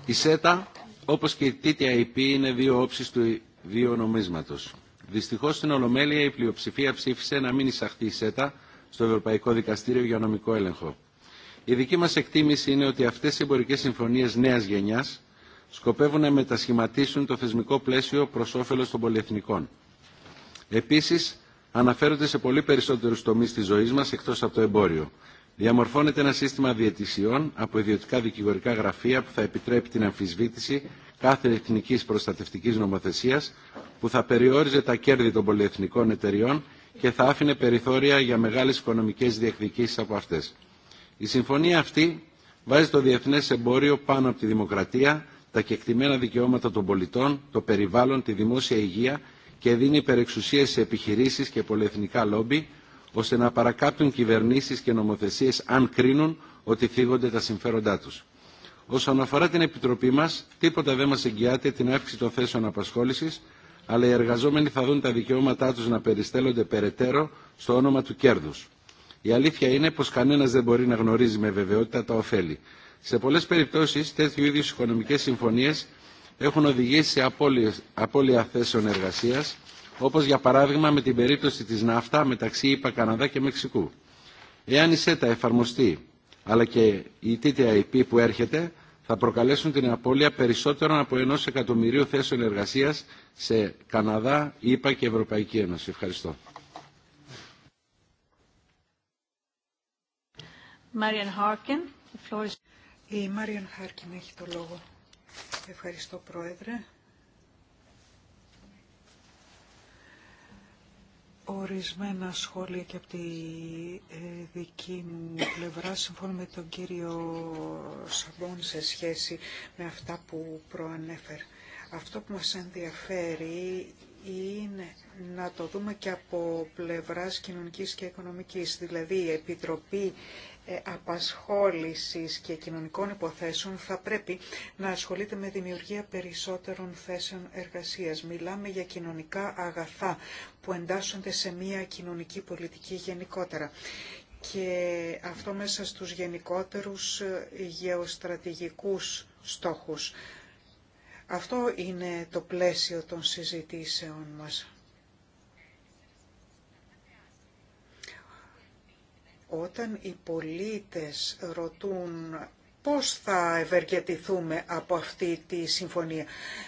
Η ΣΕΤΑ, όπως και η TTIP, είναι δύο όψεις του δύο νομίσματος. Δυστυχώς στην Ολομέλεια η πλειοψηφία ψήφισε να μην εισαχθεί η ΣΕΤΑ στο Ευρωπαϊκό Δικαστήριο για νομικό έλεγχο. Η δική μας εκτίμηση είναι ότι αυτές οι εμπορικές συμφωνίες νέας γενιάς σκοπεύουν να μετασχηματίσουν το θεσμικό πλαίσιο προς όφελος των πολυεθνικών. Επίσης, αναφέρονται σε πολύ περισσότερου τομεί τη ζωή μα εκτό από το εμπόριο. Διαμορφώνεται ένα σύστημα διαιτησιών από ιδιωτικά δικηγορικά γραφεία που θα επιτρέπει την αμφισβήτηση κάθε εθνική προστατευτική νομοθεσία, που θα περιόριζε τα κέρδη των πολυεθνικών εταιριών και θα άφηνε περιθώρια για μεγάλε οικονομικέ διεκδικήσει από αυτέ. Η συμφωνία αυτή βάζει το διεθνέ εμπόριο πάνω από τη δημοκρατία, τα κεκτημένα δικαιώματα των πολιτών, το περιβάλλον, τη δημόσια υγεία και δίνει υπερεξουσίες σε επιχειρήσεις και πολυεθνικά λόμπι, ώστε να παρακάπτουν κυβερνήσεις και νομοθεσίες αν κρίνουν ότι θίγονται τα συμφέροντά τους. Όσον αφορά την Επιτροπή μας, τίποτα δεν μας εγγυάται την αύξηση των θέσεων απασχόλησης, αλλά οι εργαζόμενοι θα δουν τα δικαιώματά τους να περιστέλλονται περαιτέρω στο όνομα του κέρδους. Η αλήθεια είναι πως κανένας δεν μπορεί να γνωρίζει με βεβαιότητα τα ωφέλη. Σε πολλές περιπτώσεις, τέτοιου είδους οικονομικές συμφωνίες έχουν οδηγήσει σε απώλεια θέσεων εργασίας, όπως για παράδειγμα με την περίπτωση της ναύτα μεταξύ ΙΠΑ, Καναδά και Μεξικού. Εάν η ΣΕΤΑ εφαρμοστεί, αλλά και η TTIP που έρχεται, θα προκαλέσουν την απώλεια περισσότερων από ενό εκατομμυρίου θέσεων εργασίας σε Καναδά, ΙΠΑ και Ευρωπαϊκή Ένωση. Ευχαριστώ. έχει το Ευχαριστώ Πρόεδρε. Ορισμένα σχόλια και από τη ε, δική μου πλευρά συμφώνω με τον κύριο Σαμπών σε σχέση με αυτά που προανέφερε. Αυτό που μας ενδιαφέρει είναι να το δούμε και από πλευράς κοινωνικής και οικονομικής. Δηλαδή η Επιτροπή ε, απασχόλησης και κοινωνικών υποθέσεων θα πρέπει να ασχολείται με δημιουργία περισσότερων θέσεων εργασίας. Μιλάμε για κοινωνικά αγαθά που εντάσσονται σε μια κοινωνική πολιτική γενικότερα και αυτό μέσα στους γενικότερους ε, γεωστρατηγικούς στόχους. Αυτό είναι το πλαίσιο των συζητήσεων μας. Όταν οι πολίτες ρωτούν πώς θα ευεργετηθούμε από αυτή τη συμφωνία.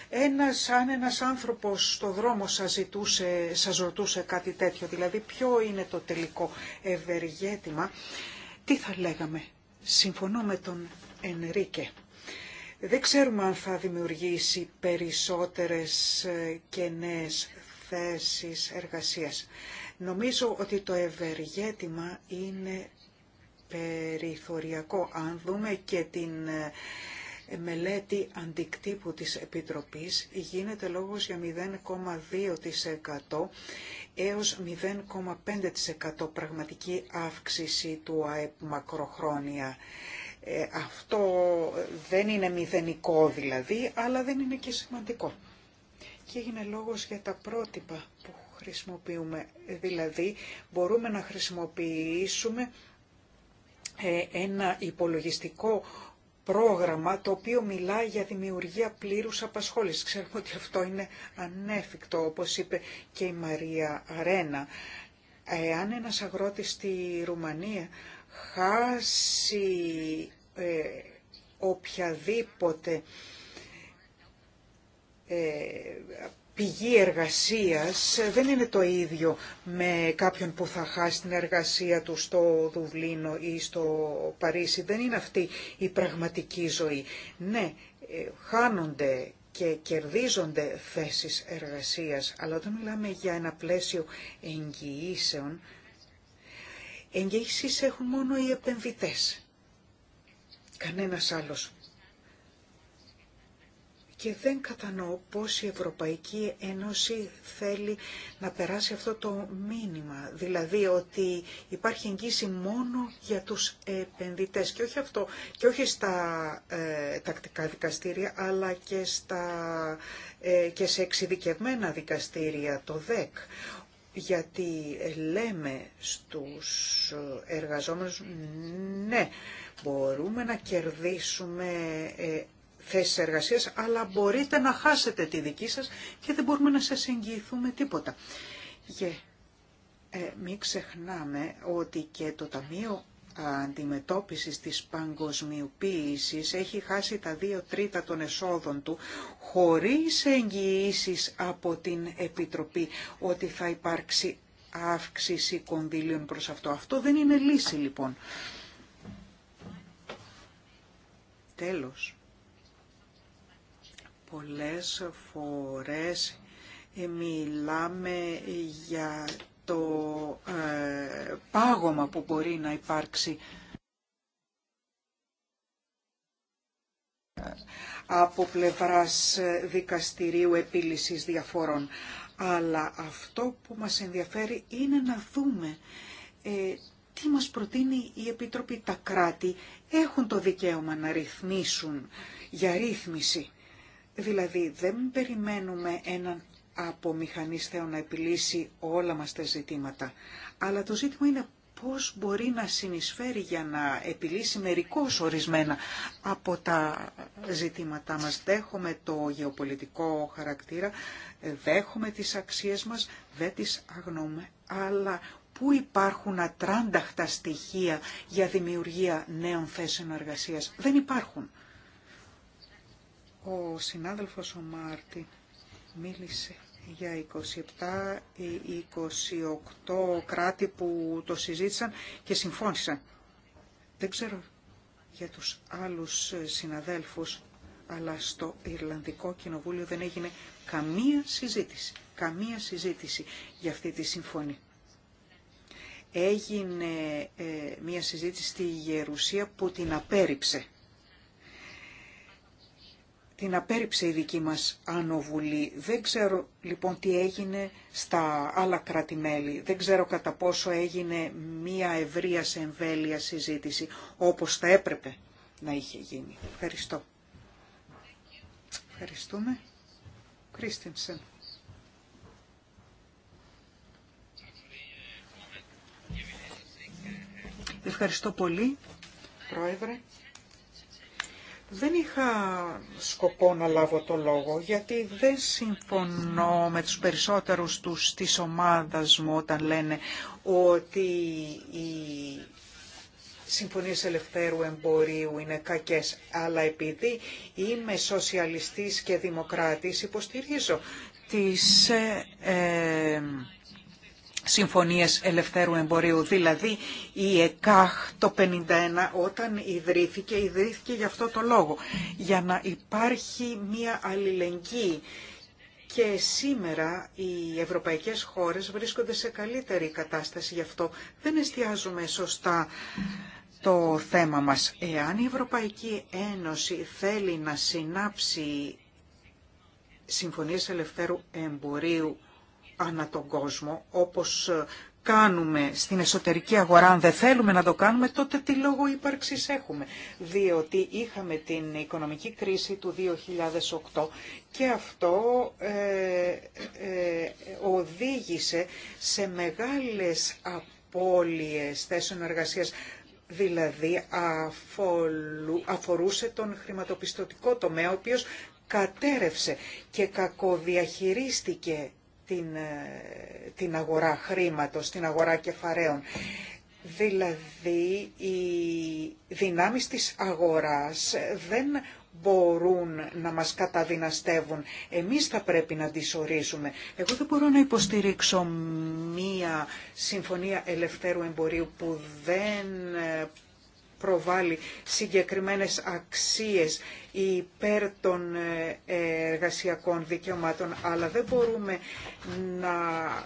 Ένας, αν ένας άνθρωπος στο δρόμο σας, ζητούσε, σας ρωτούσε κάτι τέτοιο, δηλαδή ποιο είναι το τελικό ευεργέτημα, τι θα λέγαμε. Συμφωνώ με τον Ενρίκε. Δεν ξέρουμε αν θα δημιουργήσει περισσότερες ε, και θέσεις εργασίας. Νομίζω ότι το ευεργέτημα είναι περιθωριακό. Αν δούμε και την ε, μελέτη αντικτύπου της Επιτροπής, γίνεται λόγος για 0,2% έως 0,5% πραγματική αύξηση του ΑΕΠ μακροχρόνια. Ε, αυτό δεν είναι μηδενικό δηλαδή, αλλά δεν είναι και σημαντικό. Και έγινε λόγος για τα πρότυπα που χρησιμοποιούμε. Δηλαδή, μπορούμε να χρησιμοποιήσουμε ε, ένα υπολογιστικό πρόγραμμα το οποίο μιλά για δημιουργία πλήρους απασχόλησης. Ξέρουμε ότι αυτό είναι ανέφικτο, όπως είπε και η Μαρία Ρένα. Εάν ένας αγρότης στη Ρουμανία χάσει ε, οποιαδήποτε ε, πηγή εργασίας δεν είναι το ίδιο με κάποιον που θα χάσει την εργασία του στο Δουβλίνο ή στο Παρίσι. Δεν είναι αυτή η πραγματική ζωή. Ναι, ε, χάνονται και κερδίζονται θέσεις εργασίας, αλλά όταν μιλάμε για ένα πλαίσιο εγγυήσεων, εγγυήσεις έχουν μόνο οι επενδυτές. Κανένας άλλος και δεν κατανοώ πώς η Ευρωπαϊκή Ένωση θέλει να περάσει αυτό το μήνυμα. Δηλαδή ότι υπάρχει εγγύηση μόνο για τους επενδυτές και όχι, αυτό, και όχι στα ε, τακτικά δικαστήρια αλλά και, στα, ε, και σε εξειδικευμένα δικαστήρια, το ΔΕΚ γιατί λέμε στους εργαζόμενους ναι, μπορούμε να κερδίσουμε ε, θέσεις εργασίας, αλλά μπορείτε να χάσετε τη δική σας και δεν μπορούμε να σας εγγυηθούμε τίποτα. Και ε, μην ξεχνάμε ότι και το Ταμείο αντιμετώπισης της παγκοσμιοποίησης έχει χάσει τα δύο τρίτα των εσόδων του χωρίς εγγυήσει από την Επιτροπή ότι θα υπάρξει αύξηση κονδύλιων προς αυτό. Αυτό δεν είναι λύση λοιπόν. Τέλος πολλές φορές μιλάμε για το ε, πάγωμα που μπορεί να υπάρξει από πλευράς δικαστηρίου επίλυσης διαφορών. Αλλά αυτό που μας ενδιαφέρει είναι να δούμε ε, τι μας προτείνει η Επιτροπή. Τα κράτη έχουν το δικαίωμα να ρυθμίσουν για ρύθμιση Δηλαδή δεν περιμένουμε έναν από Θεό να επιλύσει όλα μας τα ζητήματα, αλλά το ζήτημα είναι πώς μπορεί να συνεισφέρει για να επιλύσει μερικώς ορισμένα από τα ζητήματά μας. Δέχομαι το γεωπολιτικό χαρακτήρα, δέχομαι τις αξίες μας, δεν τις αγνοούμε, αλλά πού υπάρχουν ατράνταχτα στοιχεία για δημιουργία νέων θέσεων εργασίας. Δεν υπάρχουν. Ο συνάδελφος ο Μάρτι μίλησε για 27 ή 28 κράτη που το συζήτησαν και συμφώνησαν. Δεν ξέρω για τους άλλους συναδέλφους, αλλά στο Ιρλανδικό Κοινοβούλιο δεν έγινε καμία συζήτηση, καμία συζήτηση για αυτή τη συμφωνία. Έγινε ε, μία συζήτηση στη Γερουσία που την απέρριψε την απέρριψε η δική μας ανοβουλή. Δεν ξέρω λοιπόν τι έγινε στα άλλα κράτη-μέλη. Δεν ξέρω κατά πόσο έγινε μία ευρεία σε εμβέλεια συζήτηση όπως θα έπρεπε να είχε γίνει. Ευχαριστώ. Ευχαριστούμε. Κρίστινσεν. Ευχαριστώ πολύ, Πρόεδρε. Δεν είχα σκοπό να λάβω το λόγο, γιατί δεν συμφωνώ με τους περισσότερους τους της ομάδας μου όταν λένε ότι οι συμφωνίες ελευθέρου εμπορίου είναι κακές. Αλλά επειδή είμαι σοσιαλιστής και δημοκράτης, υποστηρίζω τις... Ε, ε, συμφωνίες ελευθέρου εμπορίου. Δηλαδή η ΕΚΑΧ το 51 όταν ιδρύθηκε, ιδρύθηκε για αυτό το λόγο. Για να υπάρχει μία αλληλεγγύη. Και σήμερα οι ευρωπαϊκές χώρες βρίσκονται σε καλύτερη κατάσταση γι' αυτό. Δεν εστιάζουμε σωστά το θέμα μας. Εάν η Ευρωπαϊκή Ένωση θέλει να συνάψει συμφωνίες ελευθέρου εμπορίου ανά τον κόσμο, όπως ε, κάνουμε στην εσωτερική αγορά, αν δεν θέλουμε να το κάνουμε, τότε τι λόγο ύπαρξης έχουμε. Διότι είχαμε την οικονομική κρίση του 2008 και αυτό ε, ε, ε, οδήγησε σε μεγάλες απώλειες θέσεων εργασίας. Δηλαδή αφορούσε τον χρηματοπιστωτικό τομέα, ο οποίος κατέρευσε και κακοδιαχειρίστηκε ε, την, αγορά χρήματος, την αγορά κεφαρέων. Δηλαδή, οι δυνάμεις της αγοράς δεν μπορούν να μας καταδυναστεύουν. Εμείς θα πρέπει να τις ορίζουμε. Εγώ δεν μπορώ να υποστηρίξω μία συμφωνία ελευθέρου εμπορίου που δεν ε, προβάλλει συγκεκριμένες αξίες υπέρ των ε, εργασιακών δικαιωμάτων, αλλά δεν μπορούμε να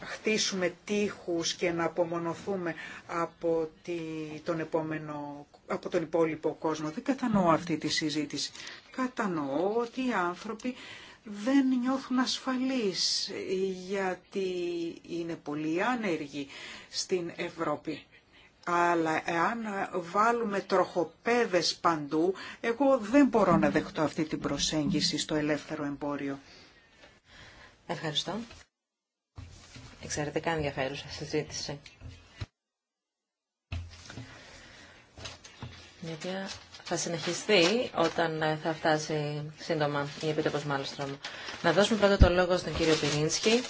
χτίσουμε τείχους και να απομονωθούμε από, τη, τον, επόμενο, από τον υπόλοιπο κόσμο. Δεν κατανοώ αυτή τη συζήτηση. Κατανοώ ότι οι άνθρωποι δεν νιώθουν ασφαλείς γιατί είναι πολύ άνεργοι στην Ευρώπη αλλά εάν βάλουμε τροχοπέδες παντού, εγώ δεν μπορώ να δεχτώ αυτή την προσέγγιση στο ελεύθερο εμπόριο. Ευχαριστώ. Εξαιρετικά ενδιαφέρουσα συζήτηση. Η οποία θα συνεχιστεί όταν θα φτάσει σύντομα η Επίτροπος Μάλστρομ. Να δώσουμε πρώτα το λόγο στον κύριο Πυρίνσκι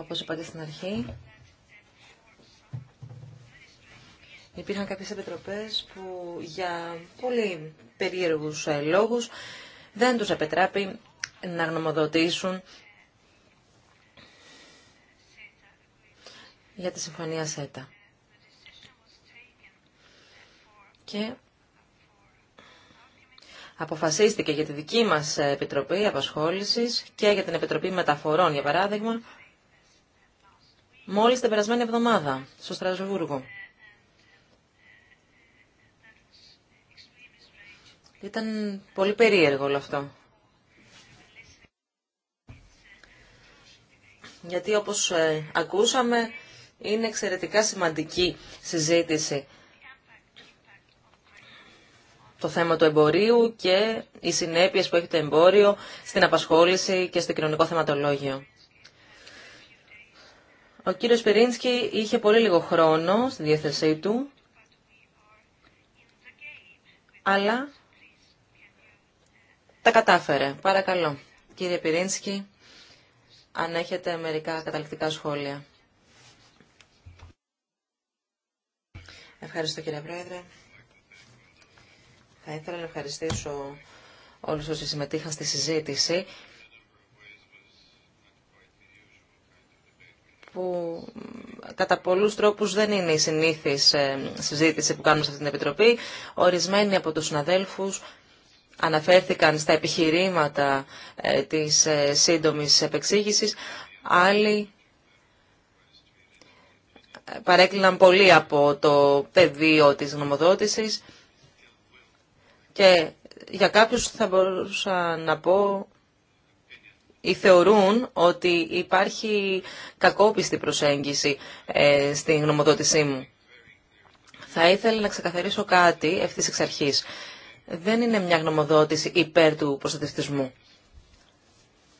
Όπως είπα στην αρχή, υπήρχαν κάποιες επιτροπές που για πολύ περίεργους ε, λόγους δεν τους επιτράπει να γνωμοδοτήσουν για τη Συμφωνία ΣΕΤΑ. Και αποφασίστηκε για τη δική μας Επιτροπή Απασχόλησης και για την Επιτροπή Μεταφορών, για παράδειγμα, μόλις την περασμένη εβδομάδα στο Στρασβούργο. Ήταν πολύ περίεργο όλο αυτό. Γιατί όπως ε, ακούσαμε είναι εξαιρετικά σημαντική συζήτηση το θέμα του εμπορίου και οι συνέπειες που έχει το εμπόριο στην απασχόληση και στο κοινωνικό θεματολόγιο. Ο κύριος Πυρίνσκι είχε πολύ λίγο χρόνο στη διέθεσή του, αλλά τα κατάφερε. Παρακαλώ, κύριε Πυρίνσκι, αν έχετε μερικά καταληκτικά σχόλια. Ευχαριστώ κύριε Πρόεδρε. Θα ήθελα να ευχαριστήσω όλους όσοι συμμετείχαν στη συζήτηση. που κατά πολλούς τρόπους δεν είναι η συνήθις ε, συζήτηση που κάνουμε σε αυτήν την Επιτροπή. Ορισμένοι από τους συναδέλφους αναφέρθηκαν στα επιχειρήματα ε, της ε, σύντομης επεξήγησης. Άλλοι παρέκλειναν πολύ από το πεδίο της γνωμοδότησης και για κάποιους θα μπορούσα να πω ή θεωρούν ότι υπάρχει κακόπιστη προσέγγιση ε, στην γνωμοδότησή μου. Θα ήθελα να ξεκαθαρίσω κάτι ευθύς εξ αρχής. Δεν είναι μια γνωμοδότηση υπέρ του προστατευτισμού.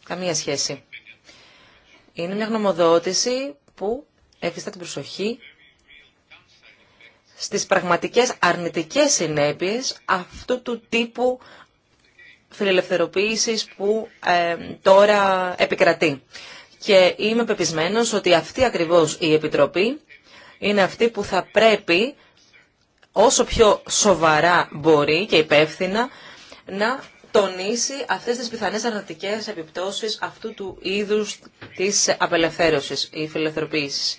Καμία σχέση. Είναι μια γνωμοδότηση που εφιστά την προσοχή στις πραγματικές αρνητικές συνέπειες αυτού του τύπου φιλελευθερωποίησης που τώρα επικρατεί. Και είμαι πεπισμένος ότι αυτή ακριβώς η Επιτροπή είναι αυτή που θα πρέπει όσο πιο σοβαρά μπορεί και υπεύθυνα να τονίσει αυτές τις πιθανές αρνητικές επιπτώσεις αυτού του είδους της απελευθέρωσης ή φιλελευθερωποίησης.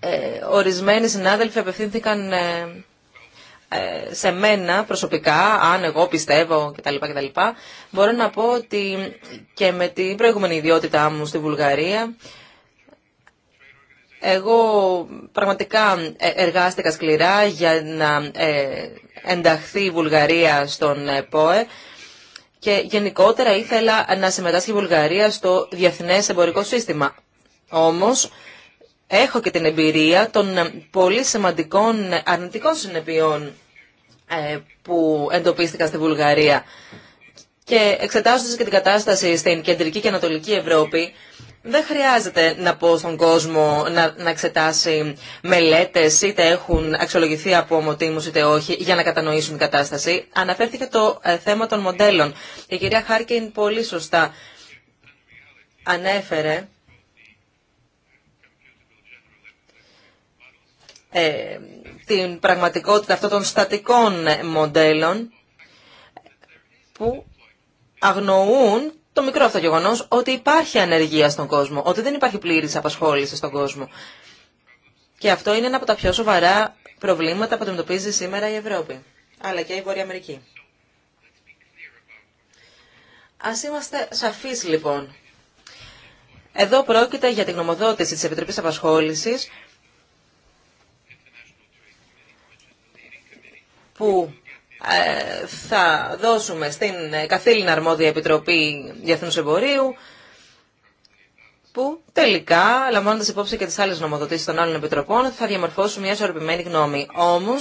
Ε, ορισμένοι συνάδελφοι απευθύνθηκαν ε, ε, σε μένα προσωπικά, αν εγώ πιστεύω κτλ, κτλ. Μπορώ να πω ότι και με την προηγούμενη ιδιότητά μου στη Βουλγαρία, εγώ πραγματικά ε, εργάστηκα σκληρά για να ε, ενταχθεί η Βουλγαρία στον ΠΟΕ και γενικότερα ήθελα να συμμετάσχει η Βουλγαρία στο διεθνές εμπορικό σύστημα. Όμως, έχω και την εμπειρία των ε, πολύ σημαντικών ε, αρνητικών συνεπειών ε, που εντοπίστηκαν στη Βουλγαρία. Και εξετάζοντας και την κατάσταση στην κεντρική και ανατολική Ευρώπη, δεν χρειάζεται να πω στον κόσμο να, να εξετάσει μελέτες, είτε έχουν αξιολογηθεί από ομοτήμου είτε όχι, για να κατανοήσουν την κατάσταση. Αναφέρθηκε το θέμα των μοντέλων. Η κυρία Χάρκιν πολύ σωστά ανέφερε Ε, την πραγματικότητα αυτών των στατικών μοντέλων που αγνοούν το μικρό αυτό ότι υπάρχει ανεργία στον κόσμο, ότι δεν υπάρχει πλήρης απασχόληση στον κόσμο. Και αυτό είναι ένα από τα πιο σοβαρά προβλήματα που αντιμετωπίζει σήμερα η Ευρώπη, αλλά και η Βόρεια Αμερική. Ας είμαστε σαφείς λοιπόν. Εδώ πρόκειται για την γνωμοδότηση της Επιτροπής Απασχόλησης που ε, θα δώσουμε στην ε, καθήλυνα αρμόδια Επιτροπή Διεθνούς Εμπορίου που τελικά, λαμβάνοντα υπόψη και τι άλλε νομοδοτήσει των άλλων επιτροπών, θα διαμορφώσουν μια ισορροπημένη γνώμη. Όμω,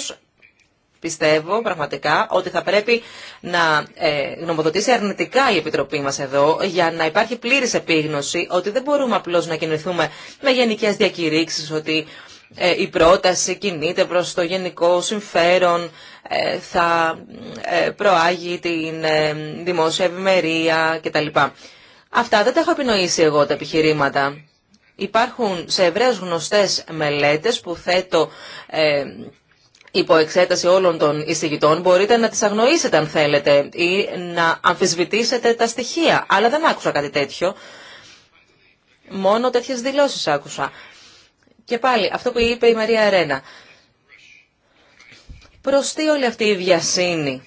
πιστεύω πραγματικά ότι θα πρέπει να ε, αρνητικά η Επιτροπή μα εδώ, για να υπάρχει πλήρη επίγνωση ότι δεν μπορούμε απλώ να κινηθούμε με γενικέ διακηρύξει ότι ε, η πρόταση κινείται προς το γενικό συμφέρον, ε, θα ε, προάγει την δημόσια ευημερία κτλ. Αυτά δεν τα έχω επινοήσει εγώ τα επιχειρήματα. Υπάρχουν σε ευρέως γνωστές μελέτες που θέτω υπό εξέταση όλων των εισηγητών. Μπορείτε να τις αγνοήσετε αν θέλετε ή να αμφισβητήσετε τα στοιχεία. Αλλά δεν άκουσα κάτι τέτοιο. Μόνο τέτοιες δηλώσεις άκουσα. Και πάλι, αυτό που είπε η Μαρία Αρένα. Προς τι όλη αυτή η βιασύνη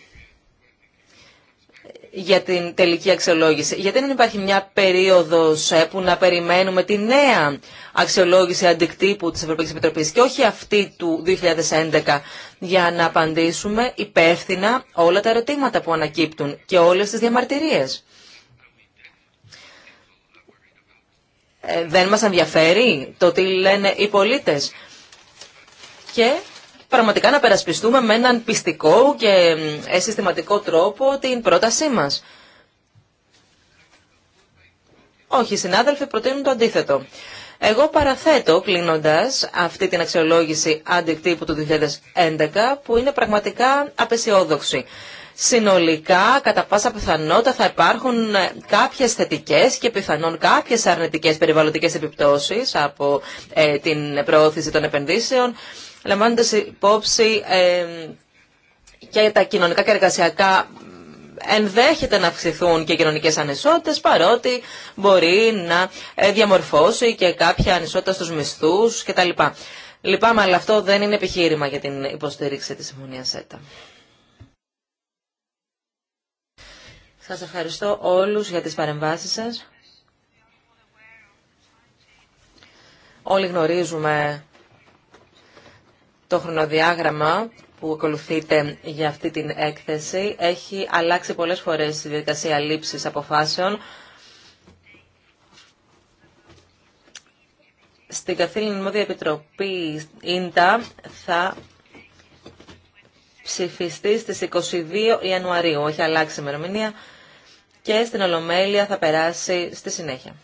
για την τελική αξιολόγηση. Γιατί δεν υπάρχει μια περίοδος ε, που να περιμένουμε τη νέα αξιολόγηση αντικτύπου της Ευρωπαϊκής Επιτροπής και όχι αυτή του 2011 για να απαντήσουμε υπεύθυνα όλα τα ερωτήματα που ανακύπτουν και όλες τις διαμαρτυρίες. Ε, δεν μας ενδιαφέρει το τι λένε οι πολίτες. Και πραγματικά να περασπιστούμε με έναν πιστικό και ε, συστηματικό τρόπο την πρότασή μας. Όχι, οι συνάδελφοι προτείνουν το αντίθετο. Εγώ παραθέτω, κλείνοντα αυτή την αξιολόγηση αντικτύπου του 2011, που είναι πραγματικά απεσιόδοξη συνολικά κατά πάσα πιθανότητα θα υπάρχουν ε, κάποιες θετικές και πιθανόν κάποιες αρνητικές περιβαλλοντικές επιπτώσεις από ε, την προώθηση των επενδύσεων, λαμβάνοντας υπόψη ε, και τα κοινωνικά και εργασιακά ενδέχεται να αυξηθούν και οι κοινωνικές ανισότητες παρότι μπορεί να ε, διαμορφώσει και κάποια ανισότητα στους μισθούς κτλ. Λυπάμαι, αλλά αυτό δεν είναι επιχείρημα για την υποστήριξη της συμφωνίας ΣΕΤΑ. Σας ευχαριστώ όλους για τις παρεμβάσεις σας. Όλοι γνωρίζουμε το χρονοδιάγραμμα που ακολουθείτε για αυτή την έκθεση. Έχει αλλάξει πολλές φορές η διαδικασία λήψης αποφάσεων. Στην Καθήλυνη Μόδια Επιτροπή ΙΝΤΑ θα ψηφιστεί στις 22 Ιανουαρίου. Έχει αλλάξει η ημερομηνία και στην Ολομέλεια θα περάσει στη συνέχεια.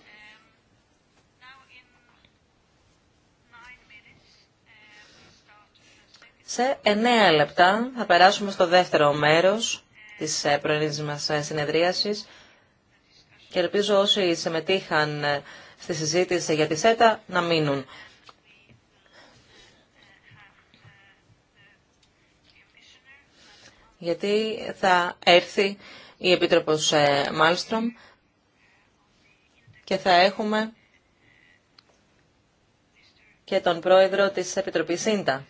Σε 9 λεπτά θα περάσουμε στο δεύτερο μέρος της ε, πρωινής μας ε, συνεδρίασης και ελπίζω όσοι συμμετείχαν ε, στη συζήτηση για τη ΣΕΤΑ να μείνουν. Γιατί θα έρθει η Επίτροπος ε, Μάλστρομ και θα έχουμε και τον πρόεδρο της Επιτροπής ΣΥΝΤΑ,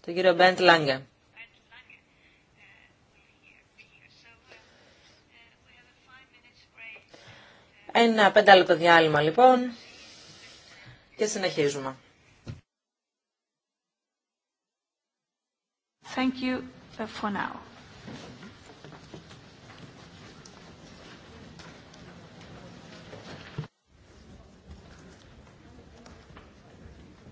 τον κύριο Μπέντ Λάγκε. Ένα λεπτό διάλειμμα λοιπόν και συνεχίζουμε. Thank you uh, for